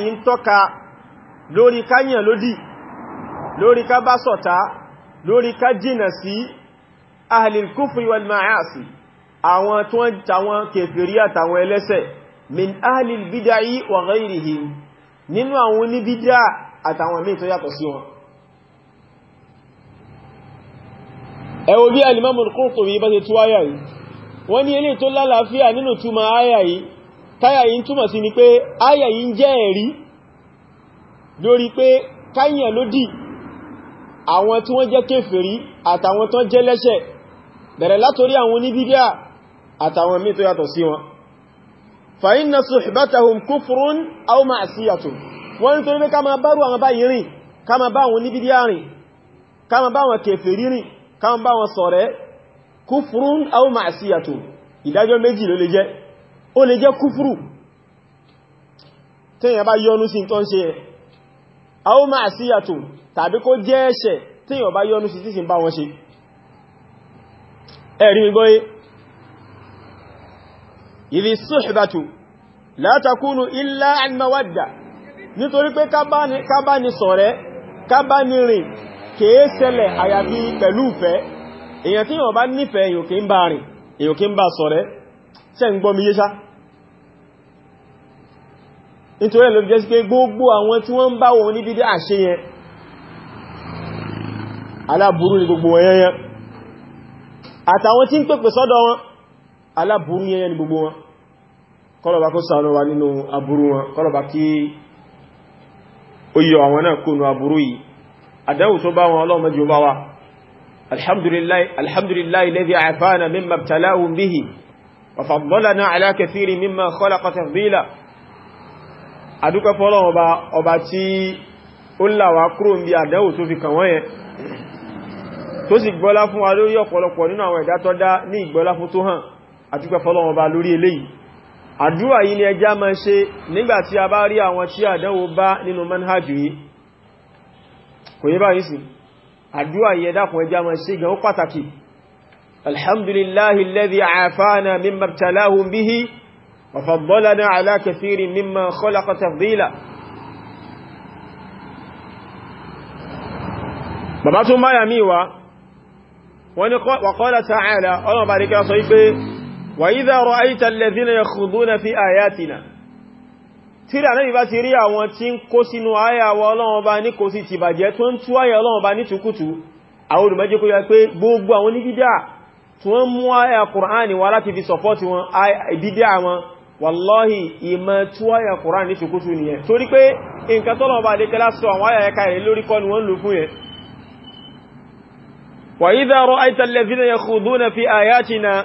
ń tàwọn kèfèrí àtàwọn ẹlẹ́sẹ̀ min ahlil bidai wa ghairihim nínú àwọn oníbídá àtàwọn míì tó yàtọ̀ sí wọn ẹ wò bí al-Imam al-Qurtubi bá ti tú àyà yìí wọ́n ní eléyìí tó lálàáfíà nínú túmọ̀ àyà yìí táyà yìí túmọ̀ sí ni pé àyà yìí ń jẹ́ ẹ̀rí lórí pé káyàn ló dì àwọn tí wọ́n jẹ́ kéfèrí àtàwọn tó jẹ́ lẹ́ṣẹ̀ bẹ̀rẹ̀ látorí àwọn oníbídá àtàwọn míì tó yàtọ̀ sí wọn fàínà sùhìbátàhùn kúfùrún aw ma'siyatun wọ́n ní torí pé ká máa ruwa àwọn báyìí rìn ká máa bá wọn níbi díárìn ká máa bá wọn kèfèrí rìn ká máa bá wọn ṣọ̀rẹ́ kúfùrún aw ma'siyatun ìdájọ́ méjì ló lè jẹ́ ó lè jẹ́ kúfùrù tíyàn bá yọnu sí tó ń ṣe ìdí sùhbàtù látàkúnù ilá àmàwàdà nítorí pé kábáni sọ̀rẹ́ kábáni rìn kèé ṣẹlẹ̀ àyàbí pẹ̀lú ìfẹ́ èyàn tí yàn bá nífẹ̀ẹ́ èyàn kí ń bá rìn èyàn kí ń bá sọ̀rẹ́ ṣe ń gbọ́mi yéṣá nítorí ẹ̀lọ́ jẹ́ sí pé gbogbo àwọn tí wọ́n ń bá wọn níbi àṣẹ yẹn aláburú ni gbogbo wọn yẹn àtàwọn tí ń pèpè sọ́dọ̀ wọn aláburú yẹn ni gbogbo wọn kọlọ̀bá kó ṣàánú wa nínú aburú wọn kọlọ̀bá kí ó yọ àwọn náà kónú aburú yìí àdáwò tó bá wọn ọlọ́mọdé ó bá wa alhamdulillah alhamdulillah alladhi a'afana mimma ibtalahum bihi wa faddalana ala kathirin mimma khalaqa tafdila àdúkọ́ fọ́lọ́ ọba ọba tí ó láwá kúrò ń bí àdáwò tó sì gbọ́lá fún wa ọ̀pọ̀lọpọ̀ nínú àwọn ẹ̀dá ní ìgbọ́lá fún tó hàn àdúgbẹ́ fọ́lọ́wọ́ bá lórí eléyìí àdúrà yìí ni ẹjá máa ṣe nígbàtí a bá rí àwọn tí àdánwò bá nínú manhajù yìí kò yí báyìí sí àdúrà yìí ẹdákùn ẹjá máa ṣe gan ó pàtàkì alhamdulillahi alladhi وإذا رأيت الذين يخوضون في آياتنا tíra náà bá ti rí àwọn tí ń kó sínú ayàwọ ọlọ́run bá ní kò sí ti bàjẹ́ tó ń tú ayà ọlọ́run bá ní tukútù àwọn olùmọ́jẹ́ kó yá pé gbogbo àwọn oníbídá tí wọ́n mú ayà kùránì wá láti fi sọ̀pọ́tì wọn bídá wọn wàlọ́hì ìmọ̀ tú ayà kùránì وإذا رأيت الذين يخوضون في آياتنا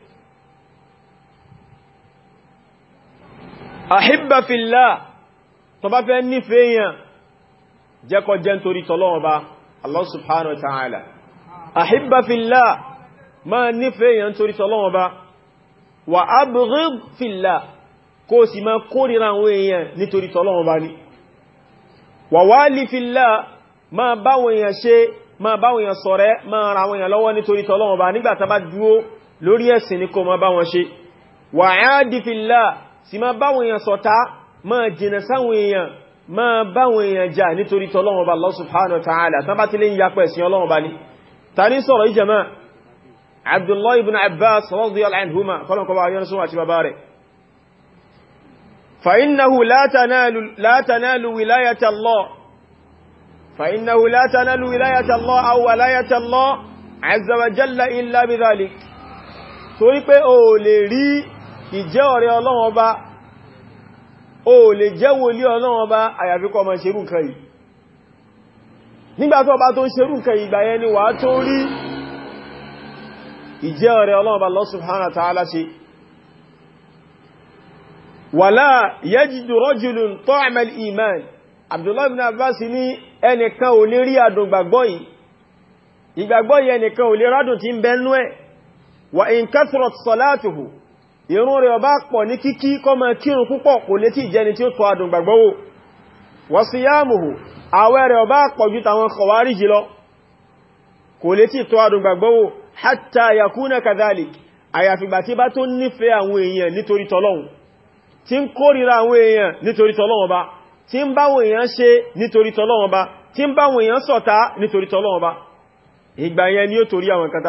ahibba fillah tó bá fẹ́ nífẹ́ èèyàn jẹ́kọ́ jẹ́ nítorí tọ́lọ́ọba Allah subhanahu wa ta'ala ahibba fillah ma nífẹ́ èèyàn nítorí tọ́lọ́ọba wa abghid fillah kó sì ma kórìíra àwọn èèyàn nítorí tọ́lọ́ọba ni wa wali fillah ma báwọn èèyàn ṣe ma báwọn èèyàn ṣọ̀rẹ́ ma ra àwọn èèyàn lọ́wọ́ nítorí tọ́lọ́ọba nígbà tá bá dúró kó wa aadi fillah sì máa báwọn èèyàn ṣọ̀tá máa jìnà sáwọn èèyàn máa báwọn èèyàn jà nítorí tọ́lọ́wọ́n bá Allah subhanahu wa ta'ala tán bá ti lè ń yapẹ̀ sí ọlọ́wọ́n bá ní ta ní sọ̀rọ̀ ìjẹ̀má Abdullah ibn Abbas radiyallahu فإنه لا تنال لا تنال ولاية الله فإنه لا تنال ولاية الله أو ولاية الله عز وجل إلا بذلك torí pé o ìjẹ́ ọ̀rẹ́ Ọlọ́run Ọba o lè jẹ́ wòlí Ọlọ́run Ọba àyàfi kó máa ṣerú nǹkan yìí nígbàtí ọba tó ń ṣerú nǹkan ìgbà yẹn ni wà tó rí ìjẹ́ ọ̀rẹ́ Ọlọ́run Ọba Allah subhanahu wa ta'ala ṣe wala yajidu rajulun ta'ama al-iman Abdullah ibn Abbas wa in kathrat salatuhu ìrun rẹ̀ ọba pọ̀ ní kíkí kó máa kírun púpọ̀ kò lè tí ìjẹni tí ó tọ́ adùn gbàgbọ́wò wọ́n sí yáàmùhù àwẹ̀ rẹ̀ ọba pọ̀ ju tàwọn kọwárí jì kò lè tí tọ́ adùn gbàgbọ́wò hátà yakuna kadhalik àyàfìgbà tí bá tó nífẹ̀ẹ́ àwọn èèyàn nítorí tọ́lọ́hun tí ń kórìíra àwọn èèyàn nítorí tọ́lọ́hun ọba tí ń bá àwọn èèyàn ṣe nítorí tọ́lọ́hun ọba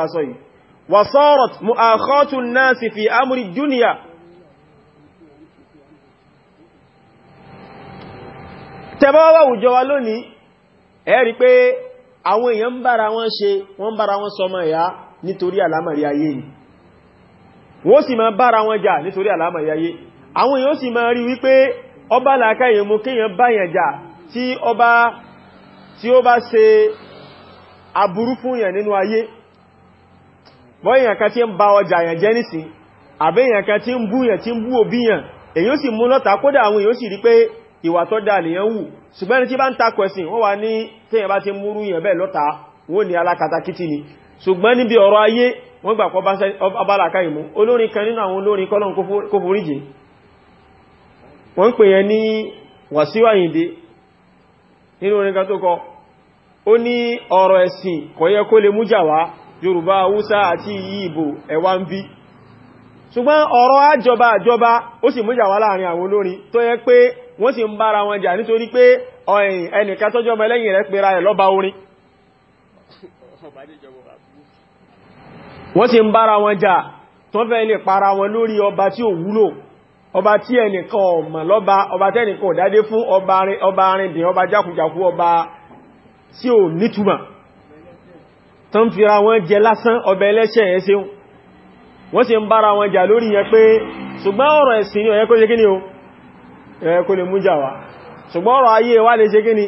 وصارت مؤاخاة الناس في أمر الدنيا tẹbọ́wọ́ àwùjọ wa lónìí ẹ rí pé àwọn èèyàn ń bára wọn ṣe wọ́n ń bára wọn sọmọ ìyá nítorí àlámọ̀rí ayé ni wọ́n sì máa bára wọn jà nítorí àlámọ̀rí ayé àwọn èèyàn sì máa rí wípé ọba làákà èèyàn mú kéèyàn báyàn jà tí ó bá ṣe aburú fún èèyàn nínú ayé bọ́yìnyàn kan tí ń ba ọjà yàn jẹ́ nísìn àbẹ́yàn kan tí ń búyàn tí ń bú òbíyàn èyàn sì mú lọ́ta kódà àwọn èyàn sì rí pé ìwà tó dà lèyàn wù ṣùgbẹ́ni tí bá ń takọ̀ ẹ̀sìn wọ́n wà ní bá ti múrú bẹ́ẹ̀ lọ́ta wọ́n ni ṣùgbọ́n níbi ọ̀rọ̀ ayé wọ́n gbà yorùbá haúsá àti ìyíbò ẹ̀wà ń bí ṣùgbọ́n ọ̀rọ̀ àjọba àjọba ó sì mújà wá láàrin àwọn olórin tó yẹ pé wọ́n sì ń bára wọn jà nítorí pé ọ̀yìn ẹnìkan tó jọmọ ẹlẹ́yìn rẹ̀ pera ẹ̀ lọ́ba orin wọ́n sì ń bára wọn jà tó fẹ́ lè para wọn lórí ọba tí ò wúlò ọba tí ẹnìkan ọ̀mọ̀ lọ́ba ọba tẹ́nìkan ò dádé fún ọba arìndìn ọba jákujàku ọba tí ò nítumọ̀ tó ń fira wọn jẹ lásán ọbẹ̀ ẹlẹ́ṣẹ̀ ẹ̀ ṣeun wọ́n sì ń bára wọn jà lórí yẹn pé ṣùgbọ́n ọ̀rọ̀ ẹ̀sìn ni ó yẹ kó ṣe kíni o ẹ̀ kó lè mú jà wá ṣùgbọ́n ọ̀rọ̀ ayé wa lè ṣe kíni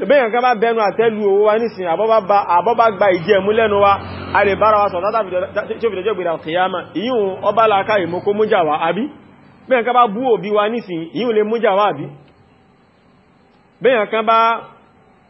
lẹ́bẹ̀yàn kan bá bẹnu àtẹ́lù owó wa nísìn àbọ́bá gba ìjẹ́ ẹ̀mú wa a lè bára wa sọ látàfidọ́jọ́ ìgbèrà kìyàmà ìyíhun ọba kan bá bú wa nísìn ìyíhun lè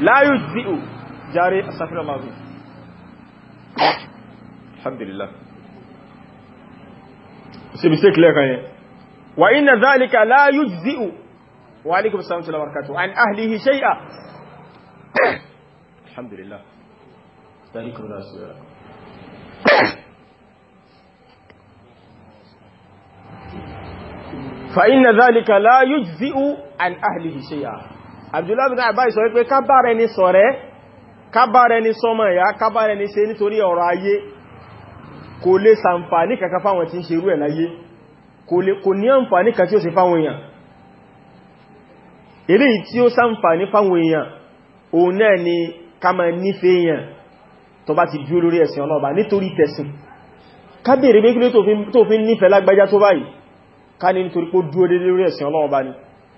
لا يجزئ جاري السفر الله الحمد لله سيبسيك لك وإن ذلك لا يجزئ وعليكم السلام ورحمة الله وبركاته عن أهله شيئا الحمد لله ذلك الله سيئا فإن ذلك لا يجزئ عن أهله شيئا Abdullahi bin Abbas sọ wípé kábàrẹ ni sọ̀rẹ́ kábàrẹ ni sọmọ ìyá kábàrẹ ni ṣe nítorí ọ̀rọ̀ ayé kò lè sàǹfàní kankan fáwọn tí ń ṣe irú ẹ̀ láyé kò ní àǹfàní kan tí ó ṣe fáwọn èèyàn eléyìí tí ó sàǹfàní fáwọn èèyàn òun náà ni ká máa nífẹ̀ẹ́ èèyàn tó bá ti dúró lórí ẹ̀sìn ọlọ́ọ̀bá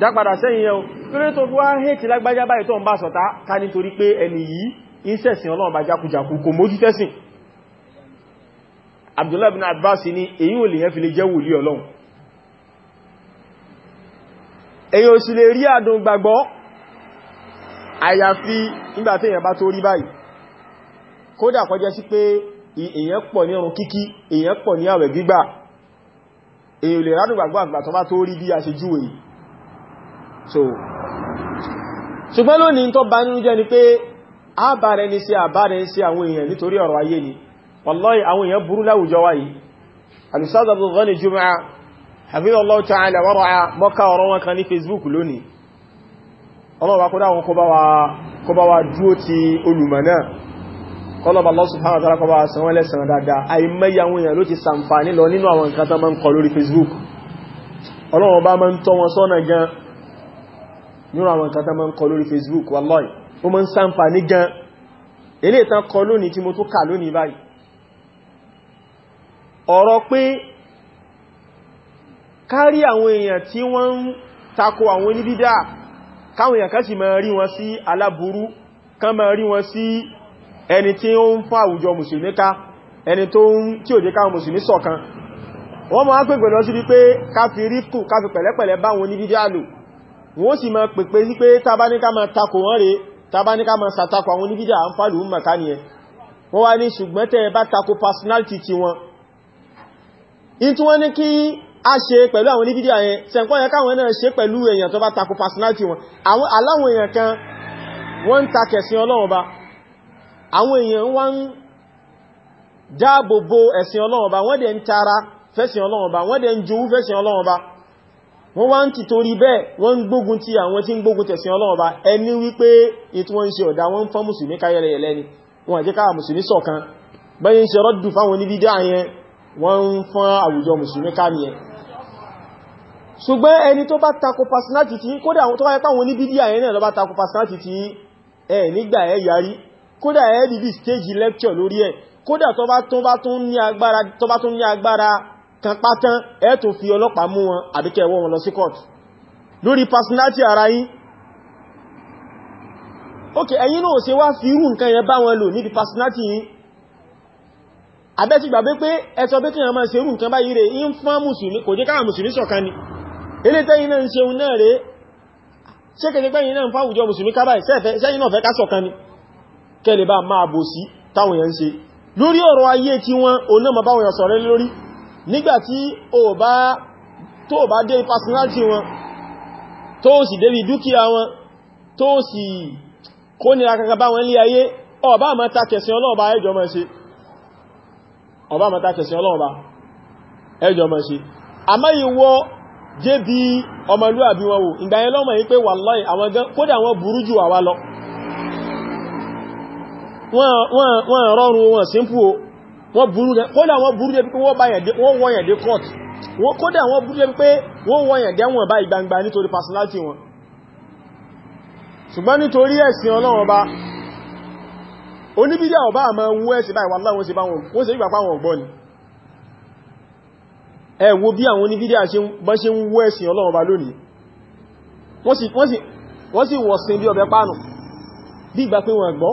dápadà sẹ́yìn yẹn kéré tó wá hẹ́tì lágbájá báyìí tó ń bá sọ̀tá ká nítorí pé ẹni yìí ń ṣẹ̀sìn ọlọ́run bá jákujàku kò mójú tẹ́sìn Abdullahi bin Abbas ni èyí ò lè yẹn fi lè jẹ́ wòlí ọlọ́run èyí ò sì lè rí àdùn gbàgbọ́ àyàfi nígbà tí èyàn bá tó rí báyìí kódà kọjá sí pé èyàn pọ̀ ní ọrùn kíkí èyàn pọ̀ ní rádùn gbàgbọ́ àgbà tó bá tó rí bí a ṣe júwèé so ṣùgbọ́n lónìí tó bá nínú jẹ́ ni pé àbárẹ̀ ní sí àbárẹ̀ sí àwọn èèyàn nítorí ọ̀rọ̀ ayé ni wallahi àwọn èèyàn burú láwùjọ wa yìí al-Ustadh Abdul Ghani Jum'a ta'ala wara'a mọ́ká ọ̀rọ̀ wọn Facebook lónìí ọlọ́wà kó dáwọn kó bá wa dúó ti Allah subhanahu wa ta'ala kọba sanwọ́ lẹ́sàn dáadáa àìmẹ́yà àwọn èèyàn ló ti sàǹfàní lọ nínú àwọn nǹkan Facebook ọlọ́wọ́ bá máa ń tọ́ wọn nínú àwọn nǹkan tó máa ń kọ lórí facebook wallahi ó máa ń sáǹfà ní gan ilé ìtàn kọ lónìí tí mo tó kà lónìí báyìí ọ̀rọ̀ pé kárí àwọn èèyàn tí wọ́n ń tako àwọn oníbídá káwọn èèyàn kan sì máa rí wọn sí aláburú kan máa rí wọn sí ẹni tí ó ń fa àwùjọ mùsùlùmí ká ẹni tí ó jẹ́ káwọn mùsùlùmí ṣọ̀kan wọ́n máa pẹ̀gbẹ̀ lọ sí wípé wọ́n sì máa pèpè sí pé tàbáníká máa takò wọ́n rẹ̀ tàbáníká máa sàtakò àwọn oníbídà à ń fàlù ń màká ni ẹ wọ́n wá ní ṣùgbọ́n tẹ́ bá takò personality ti wọn in tí wọ́n ní kí a ṣe pẹ̀lú àwọn oníbídà yẹn sẹ̀kọ́ yẹ káwọn náà ṣe pẹ̀lú èèyàn tó bá takò personality wọn àwọn aláwọn èèyàn kan wọ́n ń takẹ̀sìn ọlọ́run ba àwọn èèyàn wọ́n wọ́n wá ń ti torí bẹ́ẹ̀ wọ́n ń gbógun ti àwọn tí ń gbógun tẹ̀sìn Ọlọ́run Ọba ẹni wípé ètò wọn ń ṣe ọ̀dá wọ́n ń fọ́n mùsùlùmí káyẹrẹ ẹlẹ́ni wọn àjẹ́ káà mùsùlùmí ṣọ̀kan bẹ́yìn ṣe rọ́dù fáwọn oníbí dá yẹn wọ́n ń fọ́n àwùjọ mùsùlùmí ká nìyẹn tako personality tí kódà tó wáyé pàwọn oníbí dá yẹn tako personality tí ẹ nígbà ẹ yarí kódà ẹ stage lecture lórí ẹ kódà tó bá tún ní kan pátán ẹ tún fi ọlọ́pàá mú wọn àbíkẹ́ ẹ̀wọ́ wọn lọ sí court lórí personality ara yín ok ẹ̀yin náà ṣe wá fi irú nǹkan yẹn bá wọn lò níbi personality yín àbẹ́tí gbàgbé pé ẹ̀sọ pé kí wọ́n máa ṣe irú nǹkan báyìí rẹ̀ yí ń fún mùsùlùmí kò jẹ́ káà mùsùlùmí ṣọ̀kan ni ilé tẹ́yìn náà ń ṣe òun náà rẹ̀ ṣé kẹ́kẹ́ pẹ́yìn náà ń fáwùjọ mùsùlùmí kábàáyì sẹ́yìn náà fẹ́ ká ṣọ̀kan ni kẹ́lẹ̀ bá máa bò sí táwọn yẹn ń ṣe lórí ọ̀rọ̀ ayé tí wọ́n onámọ̀ báwọn yẹn sọ̀rọ̀ nígbàtí o bá tó bá dé personality wọn tó sì débi dúkìá wọn tó sì kó nira kankan bá wọn lé ayé ọba àmọ́ta kẹsìn ọlọ́ọ̀bá ẹjọ́ mọ́ sí ọba àmọ́ta kẹsìn ọlọ́ọ̀bá ẹjọ́ mọ́ sí àmọ́ ìwọ débi ọmọlúàbí wọn wò ìgbà yẹn lọ́mọ̀ yí pé wallahi àwọn gan kódà wọn burú jù àwa lọ wọ́n rọrùn wọn símpú wọ́n burú dẹ kódà wọ́n burú dẹ pé wọ́n wọ́yàn dé court wọ́n kódà wọ́n burú dẹ pé wọ́n wọ́yàn dé wọ́n báyìí gbangba nítorí personality wọn ṣùgbọ́n nítorí ẹ̀sìn ọlọ́wọ́n bá oníbídíà ọba àmọ́ wú ẹ̀sìn báyìí wàlá wọ́n ṣe bá wọn wọ́n ṣe gbà páwọn ọ̀gbọ́n ni ẹ wo bí àwọn oníbídíà bọ́ ṣe ń wú ẹ̀sìn ọlọ́wọ́n bá lónìí wọ́n sì wọ́sìn bí ọbẹ̀ pánù bí ìgbà pé wọn gbọ́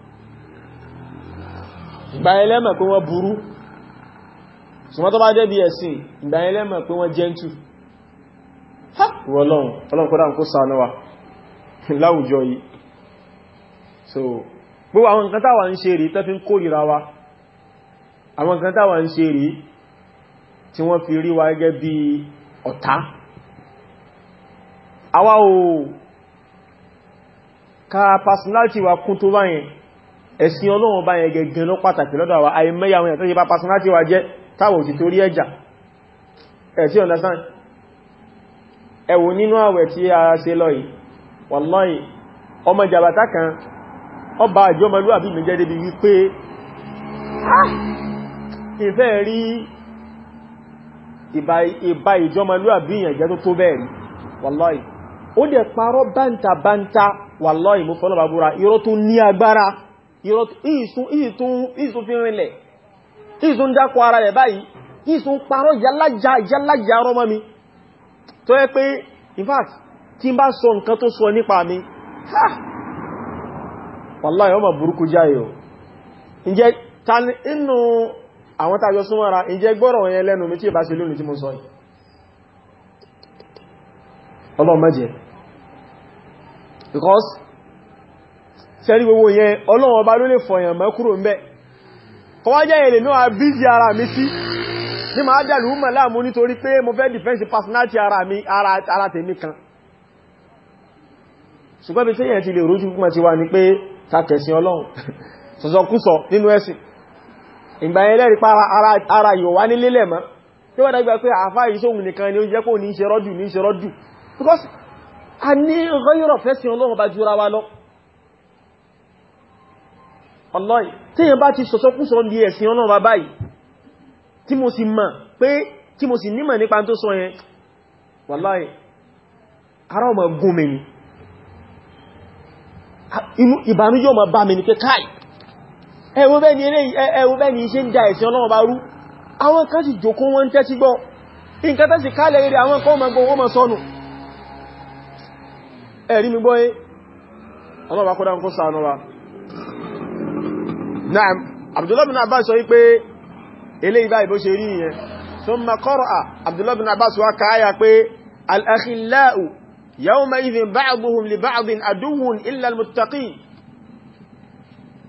ìgbà yẹn lẹ́mọ̀ pé wọ́n burú ṣùgbọ́n tó bá débi ẹ̀sìn ìgbà yẹn pé wọ́n jẹ́ntù wọ́lọ́run ọlọ́run kó dáhùn wa láwùjọ yìí so gbogbo àwọn nǹkan táwa ń ṣe rí tó fi ń kórìíra wa àwọn nǹkan táwa ń ṣe rí tí wọ́n fi rí wa gẹ́gẹ́ bí ọ̀tá àwa ò ka personality wa kún tó báyẹn ẹ̀sìn ọlọ́run bá yẹn gẹ̀gẹ̀ ló pàtàkì lọ́dọ̀ àwa àìmẹ́yà àwọn ìyàtọ́ ìbá personality wa jẹ́ táwọ̀ òjì torí ẹjà ẹ̀tí understand ẹ̀wò nínú àwẹ̀ tí a ṣe lọ wallahi ọmọ jàbátá kan ọba àjọ ọmọlúwàbí mi jẹ́ débi wípé ah! ìfẹ́ rí ìbá ìjọmọlúwàbí yẹn jẹ́ tó tó bẹ́ẹ̀ rí wallahi ó dẹ̀ parọ́ báńtabáńta wallahi mo fọ́nà bàbúra irọ́ tó ní agbára ìsún fi rinlẹ̀ ìsún dákọ̀ ara rẹ̀ báyìí ìsún parọ́ yálàjá yálàjá rọmọ mi tó yẹ pé in fact tí n bá sọ nǹkan tó sọ nípa mi ha wàláyé ọmọ burúkú jáyé o ǹjẹ́ inú àwọn tàjọ súnmọ́ra ǹjẹ́ gbọ́rọ̀ yẹn lẹ́nu mi tí ìbá ṣe lónìí tí mo sọ yìí ọlọ́mọ jẹ́ because sẹ́rí gbogbo yẹn ọlọ́run ọba ló lè fọ̀yàn mọ́ kúrò ń bẹ̀ kọwájẹ́ èlè náà bízi ara mi sí ní máa dàlú mọ̀ láàmú nítorí pé mo fẹ́ defense personality ara mi ara tèmi kan ṣùgbọ́n bí sẹ́yẹ̀ ti lè rójú kúmọ̀ ti wà ní pé takẹ̀sìn ọlọ́run sọ̀sọ̀kúsọ nínú ẹ̀sìn ìgbà ẹlẹ́rìí because a ní ọgọ́ yọ́rọ̀ fẹ́sìn ọlọ́run ọlọ́ì tí yẹn bá ti sọ̀sọ́kúsọ ní ẹ̀sìn ọlọ́run bàbá yìí tí mo sì mọ̀ pé tí mo sì nímọ̀ nípa tó sọ yẹn wàláì ara ọmọ gún mi ni inú ìbànújẹ́ ọmọ bá mi ni pé káì ẹwọ bẹ́ẹ̀ ni eléyìí ẹwọ bẹ́ẹ̀ ni iṣẹ́ ń da ẹ̀sìn ọlọ́run bá rú àwọn kan sì jókòó wọn tẹ́tí gbọ́ nǹkan tẹ́sì kálẹ̀ rẹ̀ àwọn kan gbọ́ wọ́n mọ̀ sọnù ń kó sànú wa Naam, Abdullah bin Abbas sọ wípé eléyìí báyìí bó ṣe rí ìyẹn. Thumma qara'a, Abdullah bin Abbas wá káyà pé al-akhillau yawma idhin ba'duhum li ba'din aduwwun illa al-muttaqin.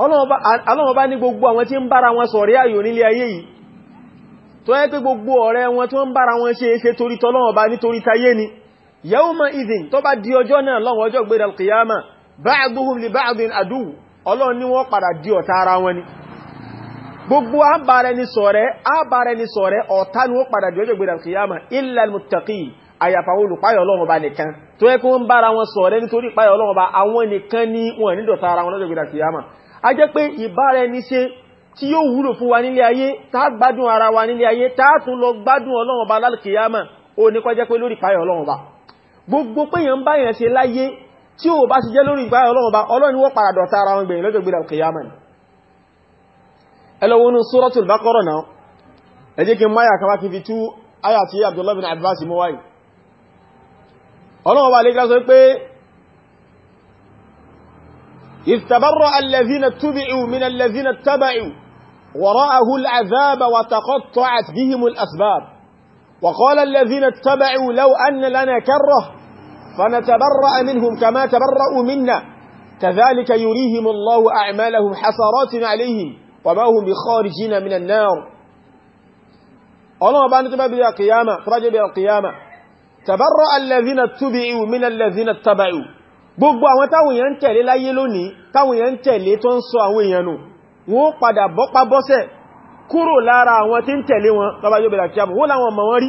Ọlọ́run bá ní gbogbo àwọn tí ń bára wọn ṣọ̀rẹ́ ayò nílé ayé yìí. Tó yẹ pé gbogbo ọ̀rẹ́ wọn ọlọ́run ní wọ́n padà di ọ̀tá ara wọn ni gbogbo àbárẹnisọ̀rẹ́ àbárẹnisọ̀rẹ́ ọ̀tá ni wọ́n padà di ọjọ́ ìgbèrè kìyàmà illal muttaqi àyàfà olùpáyọ̀ ọlọ́run ọba nìkan tó yẹ kí wọ́n bára wọn sọ̀rẹ́ nítorí ìpáyọ̀ ọlọ́run ọba àwọn nìkan ní wọn ní dọ̀tá ara wọn lọ́jọ́ ìgbèrè kìyàmà a jẹ́ pé ìbáraẹniṣe tí yóò wúlò ṣe láyé tí ó bá ti jẹ́ lórí ìpáyà ọlọ́run bá ọlọ́run wọ́n padà dọ̀tá ara wọn gbẹ̀yìn lọ́jọ́ gbẹ̀dà kìyàmà ní ẹlọ́wọ́nú suratul Baqara náà ẹ jẹ́ kí máyà kama kí fi tú àyà tí Abdullah bin Abbas mọ́ wáyìí ọlọ́run bá lè gbá sọ pé istabarra alladhina tubi'u min alladhina فنتبرأ منهم كما تبرأوا منا كذلك يريهم الله أعمالهم حسرات عليهم وما هم بخارجين من النار الله بان تباب القيامة تباب القيامة تبرأ الذين اتبعوا من الذين اتبعوا gbogbo àwọn táwọn èèyàn ń tẹ̀lé láyé lónìí táwọn èèyàn ń tẹ̀lé tó ń sọ àwọn èèyàn nù wọ́n padà bọ́pá bọ́sẹ̀ kúrò lára àwọn tí ń tẹ̀lé wọn lọ́bàá yóò wọ́n láwọn mọ̀ wọ́n rí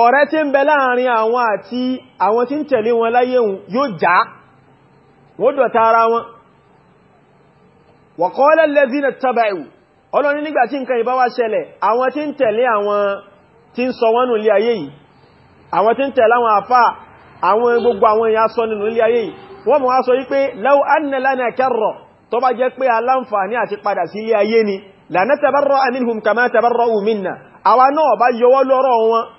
ọ̀rẹ́ tí ń bẹ láàrin àwọn àti àwọn tí ń tẹ̀lé wọn láyé hun yóò já wọ́n dọ̀ta ara wọn wọ̀kọ́ọ́lẹ̀ lẹ́zínà tàbàíwù ọlọ́ni nígbà tí nǹkan ìbá wá ṣẹlẹ̀ àwọn tí ń tẹ̀lé àwọn tí ń sọ wọ́n nù lé ayé yìí àwọn tí ń tẹ̀lé àwọn àfà àwọn gbogbo àwọn èèyàn sọ nínú lé ayé yìí wọ́n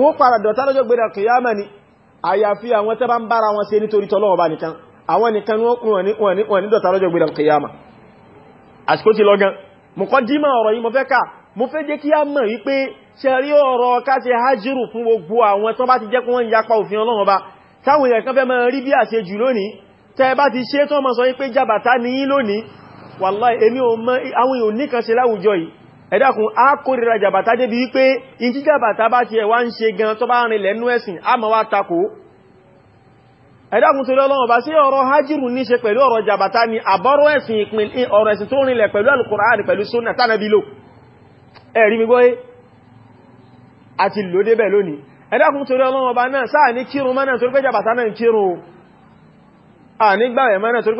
wọ́n padà dọ̀tá lọ́jọ́ gbẹ̀rẹ̀ kìyàmà ni àyàfi àwọn tẹ́bá ń bára wọn ṣe nítorí tọ́lọ́wọ́ bá nìkan àwọn nìkan wọ́n ní dọ̀tá lọ́jọ́ gbẹ̀rẹ̀ kìyàmà àsìkò ti lọ́gán mọ̀kọ́ dímọ̀ ọ̀rọ̀ yìí mo fẹ́ ká mo fẹ́ jẹ́ kí a mọ̀ wípé ṣe rí ọ̀rọ̀ ká ṣe hájírù fún gbogbo àwọn tán bá ti jẹ́ kí wọ́n yapa òfin Ọlọ́run bá táwọn ẹ dákun a kórìíra jàbàtà débi wípé in tí jàbàtà bá ti ẹ̀wà ń ṣe gan tó bá rìn lẹ́nu ẹ̀sìn a ma wá takò ẹ dákun torí Ọlọ́run bá sí ọ̀rọ̀ hajjiru ní ṣe pẹ̀lú ọ̀rọ̀ jàbàtà ni àbọ́rọ̀ ẹ̀sìn ìpín ọ̀rọ̀ ẹ̀sìn tó rìnlẹ̀ pẹ̀lú alukur'an pẹ̀lú sunna tánàbí lò ẹ̀rí mi gbọ́yé àti lòdé bẹ̀ lónìí ẹ dákun torí Ọlọ́run bá náà sáà ní kírun mọ́nà torí pé jàbàtà náà ń kírun à ní gbàwẹ̀ mọ́nà torí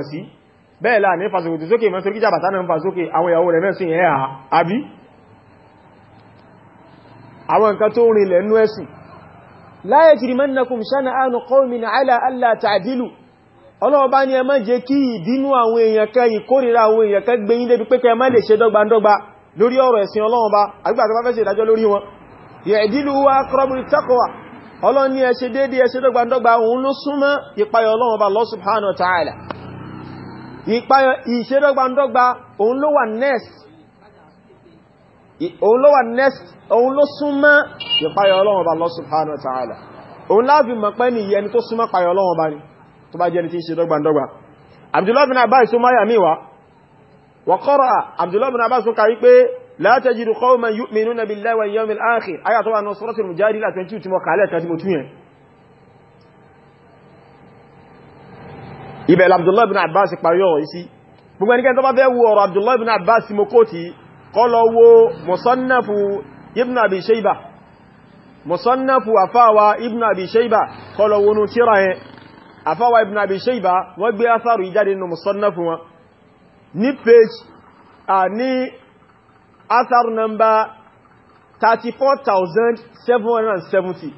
pé bẹ́ẹ̀ láà ní fàṣòkò tí sókè mẹ́sórí kíjà bàtà náà ń fàṣókè àwọn ìyàwó rẹ̀ mẹ́sìn ẹ̀ àbí àwọn nǹkan tó rìn lẹ́nu ẹ̀sìn la yajrimannakum shana'anu qawmin ala alla ta'dilu ọlọ́wọ́ bá ní ẹ má ọlọ́ni ẹ ṣe déédéé ẹ òun ló súnmọ́ ìpayọ̀ ọlọ́wọ́ bá Allah subhanahu wa ìṣẹ́dọ́gbandọ́gba òun ló wà next òun ló wà next òun ló súnmọ́ ìpayọ ọlọ́run ọba Allah subhanahu wa ta'ala òun láàfi mọ̀ pé ní ẹni tó súnmọ́ payọ ọlọ́run ọba ni tó bá jẹ́ ni tí ń ṣe dọ́gbandọ́gba Abdullahi bin Abbas tó máyà míwa wa qara'a Abdullahi bin Abbas tó ibẹ̀ Abdullahi bin Abbas parí ọ̀rọ̀ isi gbogbo ẹnikẹ́ni tó bá fẹ́ wo ọ̀rọ̀ Abdullahi bin Abbas mo kó ti kó lọ wo musannafu ibn abi shayba musannafu afáwa ibn abi shayba kó lọ wọnú tíra yẹn afáwa ibn abi shayba wọ́n gbé asáru ìjáde nínú musannafu wọn ní page a ní asáru nọmba 34,770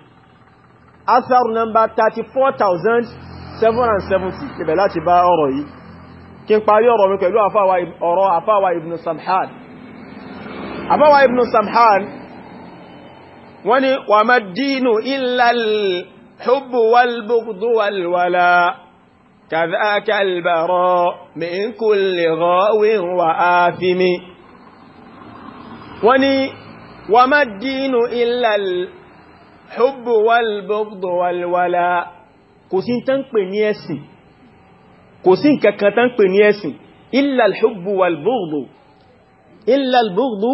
asáru nọmba 34,000 770 ibẹ̀ láti bá ọ̀rọ̀ yìí kí n parí ọ̀rọ̀ mi pẹ̀lú ọ̀rọ̀ àfáwà ibn samhan àfáwà ibn samhan wọ́n ni wà má dínú illal hubbu wal bughdu wal wala kàdáka albàrọ̀ min kulli wal wala kò sí tán pè ní ẹ̀sìn kò sí nǹkankan tán pè ní ẹ̀sìn illa al-hubbu wal-bughdu illa al-bughdu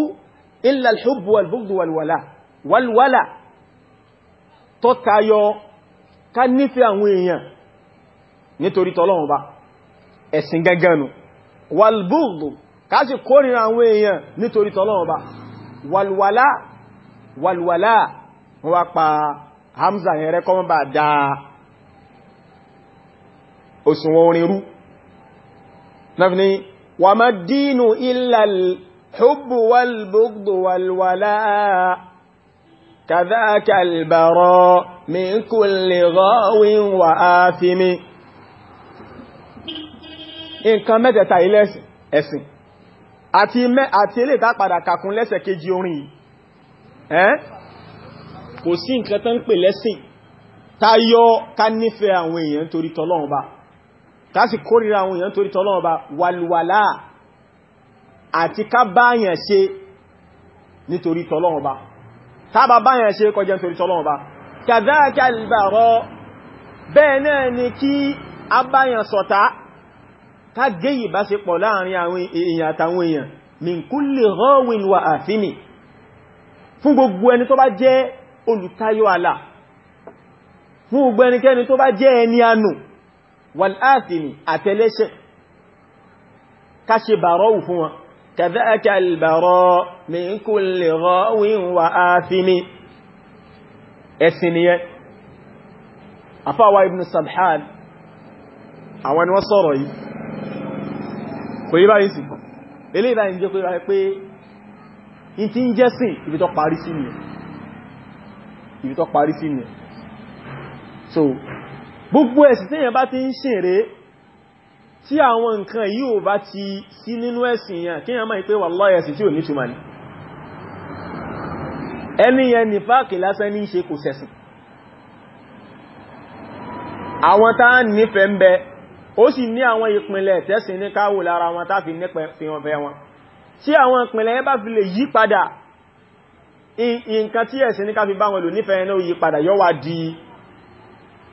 illa al-hubbu wal-bughdu wal-wala wal-wala tó tayọ ká nífẹ́ àwọn èèyàn nítorí tọ́lọ́run bá ẹ̀sìn gẹ́gẹ́nu wal ká sì kórìíra àwọn èèyàn nítorí tọ́lọ́run bá wal-wala wọ́n wá pa Hamza yẹn rẹ́ bá dáa òṣùwọ̀n orin rú náfini wà má dínú illal hubbu wal bughdu wal wala kàdáka albara min kulli ghawin wa áfimi nǹkan mẹ́tẹ̀ta ilẹ̀ ẹ̀sìn àti ilé ìta padà kàkún lẹ́sẹ̀ kejì orin yìí kò sí nǹkan tán pè lẹ́sìn tayọ ká nífẹ̀ẹ́ àwọn èèyàn torí tọ́lọ́run bá tásì kórìíra àwọn èèyàn torí tọ́lọ́ ọba wàlúwàlá àti ká báyàn ṣe nítorí tọ́lọ́ ọba tábà báyàn ṣe kọjá nítorí tọ́lọ́ ọba kàdáàkà ìbàrọ bẹ́ẹ̀ náà ni kí a báyàn min kulli ghawin wa àfíní fún gbogbo ẹni tó bá jẹ́ olùtayọ àlà fún gbogbo ẹnikẹ́ni tó ẹni ànù wàl'áàtìmì àtẹ́lẹ́ṣẹ̀ ká ṣe bàrọ́wù fún wọn kàdáàkà albàrọ́ min kulli ghawin wa áàtìmì ẹ̀sìnìyẹ afáwà ibn Sabhan àwọn wọ́n sọ̀rọ̀ yìí kò yí báyìí sí ilé ìbáyìí jẹ́ kò yí pé in ti ń jẹ́ sí ibi parí sí ni ibi parí sí ni so gbogbo ẹ̀sìn tí èyàn bá ti ń ṣèrè tí àwọn nǹkan yìí ò bá ti sí nínú ẹ̀sìn yàn kí èyàn máa pé wallahi ẹ̀sìn tí ò ní túmọ̀ ní ẹni yẹn ní fáàkì lásán ní ṣe kò sẹ̀sìn àwọn tá nífẹ̀ẹ́ ń bẹ ó sì ní àwọn ìpínlẹ̀ tẹ́sìn ní káwò lára wọn tá nǹkan tí ẹ̀sìn ní ká fi bá wọn lò nífẹ̀ẹ́ náà yí padà yọ́ wá di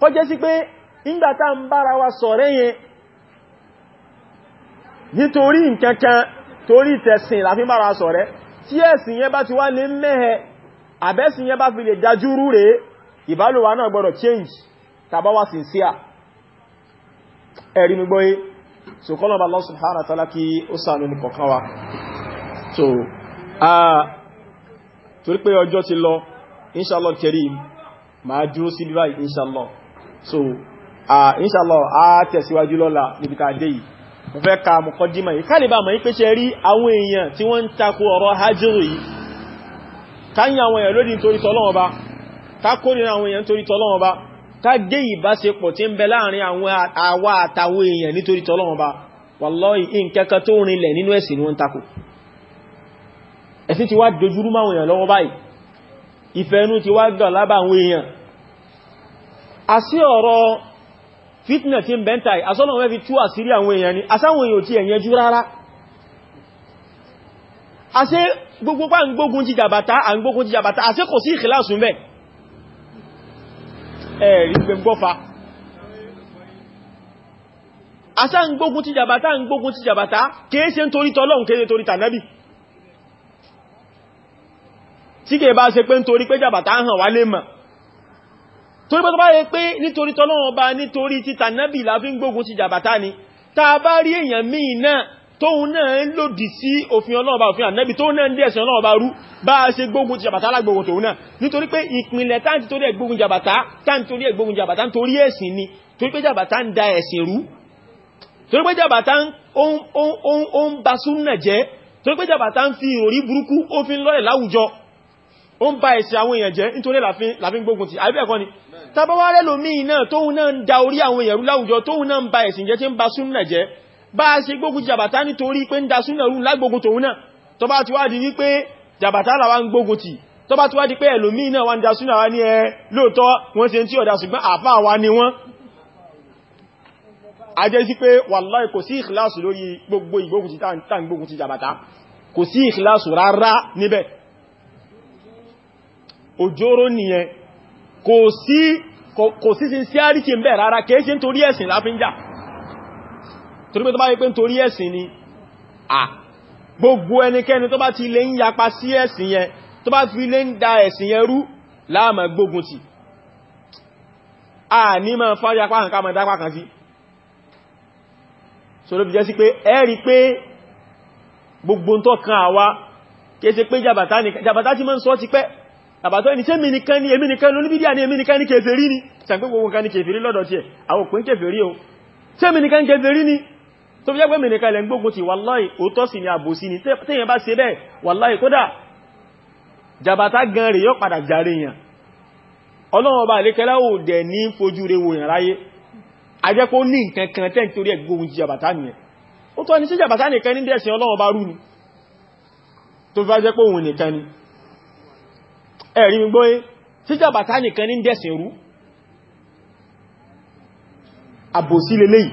kọ́ sí pé ìgbàtà ń bára wa sọ̀rẹ́ yẹn nítorí nkankan torí tẹ̀sìn láfí bára sọ̀rẹ́ tí ẹ̀sìn yẹn bá ti wá lè mẹ́ẹ̀ àbẹ́sìn yẹn bá fi lè jajúrú rẹ̀ ìbálòwà náà gbọ́dọ̀ change tàbá wa sincere ẹ̀rí mi gbọ́yé so torí pé ọjọ́ ti lọ inshallah karim máa dúró sí bíbáyìí so ah inshallah a tẹ̀síwájú lọ́la níbi tá a dé yìí mo fẹ́ ka mọ̀kọ́dímọ̀ yìí kálíbà mọ̀ yí pé ṣe rí àwọn èèyàn tí wọ́n ń takò ọ̀rọ̀ hajjúrù yìí káyìn àwọn èèyàn lódí nítorí tọ́lọ́wọ́n bá ká àwọn èèyàn nítorí tọ́lọ́wọ́n bá ká gé ìbáṣepọ̀ tí ń bẹ láàrin àwa àtàwọn èèyàn nítorí tọ́lọ́wọ́n bá wallahi nǹkankan tó rinlẹ̀ nínú ẹ̀sìn ni wọ́n ń takò ẹ̀sìn ti wá dojúrú máwọn èèyàn lọ́wọ́ báyìí ìfẹ́nú ti wá gàn lábà èèyàn àsí ọ̀rọ̀ fitna tí ń bẹ́ntà àsọ́nà wọ́n fi tú àsírí àwọn èèyàn ni asáwọn èèyàn tí ẹ̀yẹn jú rárá àṣẹ gbogbo pa ń gbógun jíjà bàtà à ń gbógun jíjà bàtà àṣẹ kò sí ìkìláàsù mẹ́ ẹ̀rí gbẹ̀gbọ́fà àṣà ń gbógun jíjà bàtà ń gbógun jíjà bàtà kìí ṣe ń torí tọ́lọ́n kìí torí tànábì tí kìí bá pé ń pé jàbàtà hàn wá mọ̀ torí pé tó bá yẹ pé nítorí tọ́lọ́wọ́n bá nítorí títa nábì láfí ń ti jàbátá ni tá bá rí èèyàn míì náà tóun náà ń lòdì sí òfin ọlọ́ọ̀bá òfin ànábì tóun náà ń dé ẹ̀sìn ọlọ́ọ̀bá rú bá a ṣe gbógun ti jàbátá lágbógun tóun náà nítorí pé ìpínlẹ̀ táǹtì torí ẹ̀ gbógun jàbátá táǹtì torí ẹ̀ gbógun jàbátá nítorí ẹ̀sìn ni torí pé jàbátá ń da ẹ̀sìn rú torí pé jàbátá ó ń ba súnnà jẹ́ torí pé jàbátá ń fi ìròrí burúkú ó fi ń lọ́rẹ̀ láwùjọ ó ń bá ẹ̀sẹ̀ àwọn èèyàn jẹ́ nítorí láfin gbógun ti àìbẹ̀ ẹ̀kọ́ ni tàbáwá rẹ̀ lómi náà tóun náà ń da orí àwọn èèyàn láwùjọ tóun náà ń ba ẹ̀sìn jẹ́ tí ń ba súnnà jẹ́ bá a ṣe gbógun ti jàbàtà nítorí pé ń da súnnà rú lágbógun tóun náà tó bá ti wá di wípé jàbàtà làwa ni wọ́n kò sí ìkìláàsù rárá níbẹ̀ òjòrò nìyẹn kò sí kò sí sincerity ń bẹ rárá kìí ṣe nítorí ẹ̀sìn láfíńjà torí pé tó bá yí pé nítorí ẹ̀sìn ni à gbogbo ẹnikẹ́ni tó bá ti lè ń yapa sí ẹ̀sìn yẹn tó bá fi lè ń da ẹ̀sìn yẹn rú láàmà gbógun ti a ma fárí apá kan ká ma dápá kan sí so ló fi jẹ́ sí pé ẹ́rí pé gbogbo ń tọ́ kan àwa kìí ṣe pé jàbàtá ti mọ́ ń sọ ti pẹ́ àbàtọ́ ẹni tí èmi nìkan ní èmi nìkan ló ní bídíà ní èmi nìkan ní kèfèrí ní ṣàgbé gbogbo nǹkan ní kèfèrí lọ́dọ̀ tí ẹ̀ àwọn òpin kèfèrí o tí èmi nìkan kèfèrí ní tó fi jẹ́gbẹ́ mìnìkan ilẹ̀ gbógun ti wàláì òótọ́ sí ni àbòsí ni téèyàn bá ṣe bẹ́ẹ̀ wàláì kódà jàbàtà gan rẹ̀ yóò padà jàre yàn ọlọ́run ọba àlékẹ́lá ò dẹ̀ ní fojú re wo yàn láyé ajẹ́pọ̀ ní nǹkan kan ni sí jàbàtà nìkan ní dẹ̀sìn ọlọ́run ọba rú tó fi bá jẹ́pọ̀ òun nìkan ni ẹ̀rí gbóyé tíjà bàtà nìkan ní dẹ̀sìn rú àbòsí lélẹ̀ yìí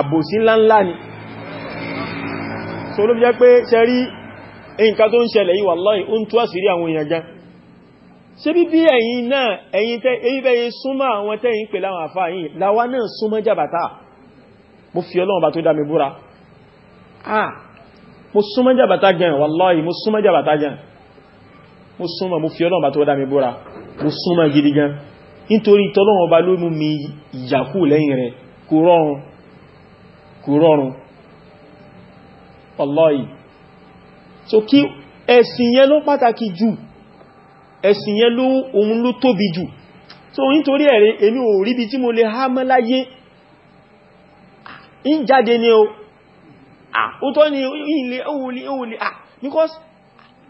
àbòsí ńláńlá ni so ló fi jẹ́ pé ṣe rí nǹkan tó ń ṣẹlẹ̀ yìí wallahi ó ń tú àṣírí àwọn èèyàn gan ṣe bí bí ẹ̀yin náà ẹ̀yin tẹ́ èyí bẹ́yẹ súnmọ́ àwọn tẹ́yìn pè láwọn àfáà yìí láwá náà súnmọ́ jàbàtà mo fi ọlọ́run bá tó dá búra ah mo súnmọ́ jàbàtà gan wallahi mo súnmọ́ jàbàtà gan mo súnmọ́ mo fi ọlọ́run bá tó dá mi búra mo súnmọ́ gidi gan nítorí tọ́lọ́run ọba ló mú mi ìyàkú lẹ́yìn rẹ̀ kò rọrùn kò so kí ẹ̀sìn yẹn ló pàtàkì jù ẹ̀sìn yẹn ló ohun ló tóbi jù so nítorí ẹ̀rẹ́ èmi ò rí bí tí mo lè há mọ́ láyé ń jáde ní ah ó tọ́ ni ilé òwúlé òwúlé ah because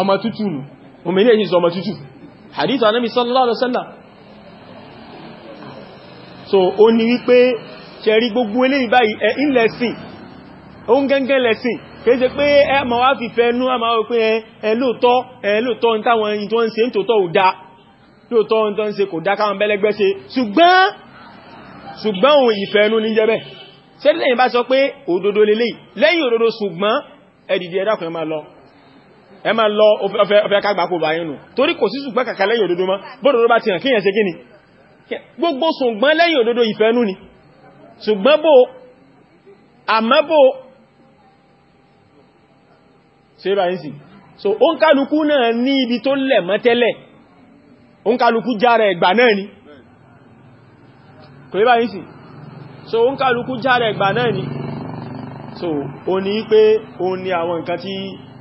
ọmọ tútù nù omi ilé yìí sọ ọmọ tútù hadith anábi sallallahu alaihi so ó ní wípé ṣẹ̀rí gbogbo eléyìí báyìí ẹ̀ ilẹ̀sìn oún gẹ́gẹ́ lẹ́sìn kéèṣe pé ẹ ma wá fi fẹ́nú a ma wọ́n pé ẹ lóòtọ́ ẹ lóòtọ́ ń táwọn ẹni tó ń ṣe ń tòótọ́ ò dá lóòtọ́ ń tó ń ṣe kò dá káwọn bẹ́lẹ́gbẹ́ ṣe ṣùgbọ́n ṣùgbọ́n òun ìfẹ́nú ní jẹ́bẹ̀ ṣẹ́lẹ́yìn bá sọ pé òdodo lélẹ́yìn lẹ́yìn òdodo ṣùgbọ́n ẹ̀dìdì ẹ̀dàkùn ẹ ma lọ ẹ máa lọ ọfẹ́ kagbà kò bá yínú torí kò sí ṣùgbọ́n kàkà lẹ́yìn òdodo mọ́ bọ́dọ̀dọ̀ bá ti hàn kíyàn ṣe kí ni gbogbo ṣùgbọ́n lẹ́yìn òdodo ìfẹ́nú ni ṣùgbọ́n bó àmọ́bó so ó ń kálukú náà ní ibi tó lẹ̀ mọ́ tẹ́lẹ̀ ó so ó ń kálukú jára so ó ní pé ó ní àwọn nǹkan tí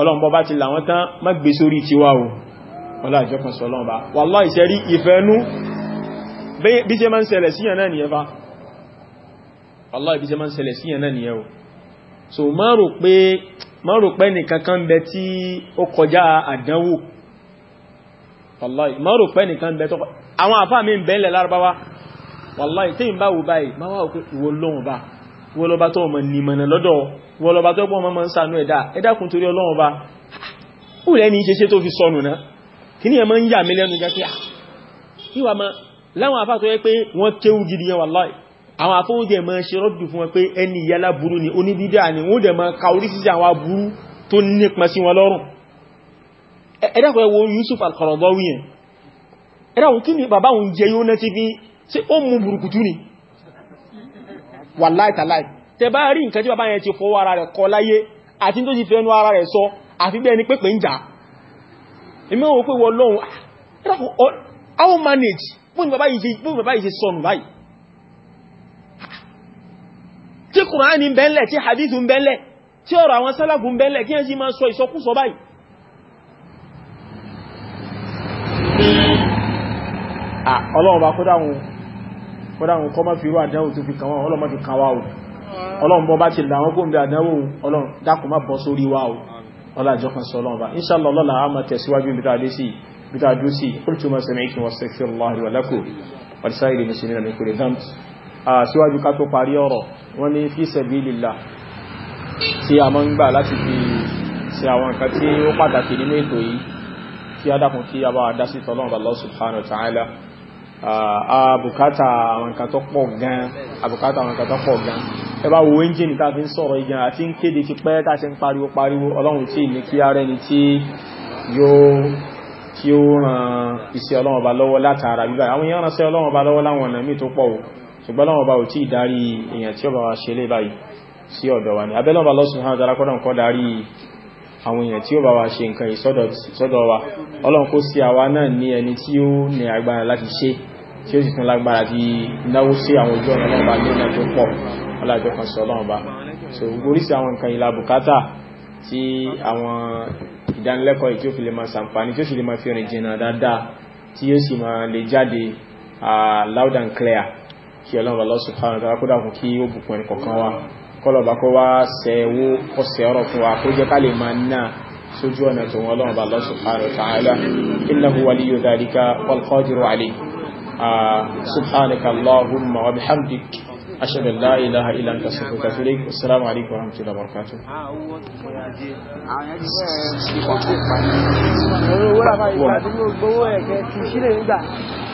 ọlọ́mbọ́ bá ti làwọn tán má gbé sórí tiwa o ọlá ìjọkan sọ ọlọ́mbà wàlá ìṣẹ́rí ìfẹ́nú bí ṣe máa ń ṣẹlẹ̀ síyàn náà nìyẹn fa so má rò pé má rò pé nìkan kan bẹ tí ó kọjá àdánwò wàlá má rò pé nìkan bẹ ń bá wò báyìí má wà ó pé ìwọ báyìí wọ́n lọ́ba tó ọmọ nìmọ̀nà lọ́dọ̀ wọ́n lọ́ba tó ọmọ mọ́ ń sànú ẹ̀dá ẹ̀dá torí ọlọ́run ọba ní ṣeṣe tó fi sọnù náà kí ni ẹ̀ máa ń yà mí lẹ́nu jẹ́ pé à ah, ìwà máa láwọn afá tó yẹ pé wọ́n kéwú gidi yẹn wallahi àwọn afọ́wọ́dẹ̀ máa ṣe rọ́dù fún wọn pé ẹni ìyálà burú ni oníbídà ni wọ́n dẹ̀ máa ka oríṣiríṣi àwọn aburú tó nípa sí wọn lọ́rùn ẹ̀dá wà láìtàláì tẹ bá rí nǹkan tí bàbá yẹn ti fọwọ́ ara rẹ̀ kọ láyé àti tó ti fẹ́ ẹnu ara rẹ̀ sọ àfi bẹ́ẹ̀ ni pépè ń jà ìmẹ́ òun ah, how manage bóyí bàbá yìí ṣe sọnù báyìí tí Kùránì ń bẹ́ẹ̀lẹ̀ tí hadithu ń bẹ́ẹ̀lẹ̀ tí ọ̀rọ̀ àwọn sálàfù ń bẹ́ẹ̀lẹ̀ kí ẹ sì máa sọ ìsọkúsọ báyìí ah, ọlọ́run bá kó dáhùn kọ́dá àwọn kọ́ má fi irú àdánwò tó fi kàn wọ́n ọlọ́mọ fi kàn wá o ọlọ́run bọ́ bá ti làwọn kó ń bẹ àdánwò ọlọ́run dákun má bọ́ sórí wa o ọlájọ́ kan sọ ọlọ́run bá inṣàlọ́ lọ́la a máa tẹ̀síwájú bí táa dé sí bí táa dúró sí qultu ma sami'tu wastaghfirullah li wa lakum wa lisa'iri muslimina min kulli dhanb síwájú ká tó ó pàtàkì nínú ètò yìí kí a dákun kí a bá àbùkátà àwọn nǹkan tó pọ̀ gan àbùkátà àwọn nǹkan tó pọ̀ gan ẹ bá wo engine tá fi ń sọ̀rọ̀ igan àti ń kéde ti pẹ́ tá ti ń pariwo pariwo ọlọ́run tí ní kí ara ẹni tí yóò kí ó ran iṣẹ́ ọlọ́run ọba lọ́wọ́ látara bíbá àwọn èèyàn ránṣẹ́ ọlọ́run ọba lọ́wọ́ láwọn ọ̀nà míì tó pọ̀ o ṣùgbọ́n ọlọ́run ọba ò tí ì darí èèyàn tí ọba wa ṣe lé báyìí ni abẹ́lẹ́ ọba àwọn èèyàn tí ó bá wa ṣe nǹkan ìsọ́dọ̀ wa sí àwa náà ní ẹni tí ó ní agbára láti ṣe tí ó sì tún lágbára di náwó sí àwọn ojú ọ̀nà ọlọ́ọ̀bá lẹ́nà tó pọ̀ ọlájọ́ kan sí ọlọ́ọ̀bá so oríṣi àwọn nǹkan ìlà bùkátà tí àwọn ìdánilẹ́kọ̀ọ́ yìí tí ó fi lè máa ṣàǹfààní tí ó sì lè máa fi rìn jìnnà dáadáa tí ó sì máa lè jáde loud and clear kí ọlọ́ọ̀bá Allah subhanahu wa ta'ala kó dákun kí ó bùkún ẹnì kọ̀ọ̀kan wa kọlọ̀bá kó wá sẹ́wó ọ̀sẹ̀ ọ̀rọ̀ fún wa kó jẹ́ ká lè máa náà sójú ọ̀nà tó wọn ọlọ́ọ̀bá Allah subhanahu wa ta'ala innahu سبحانك اللهم وبحمدك أشهد أن لا إله إلا أنت أستغفرك وأتوب إليك عليكم ورحمة الله وبركاته. Wọ́n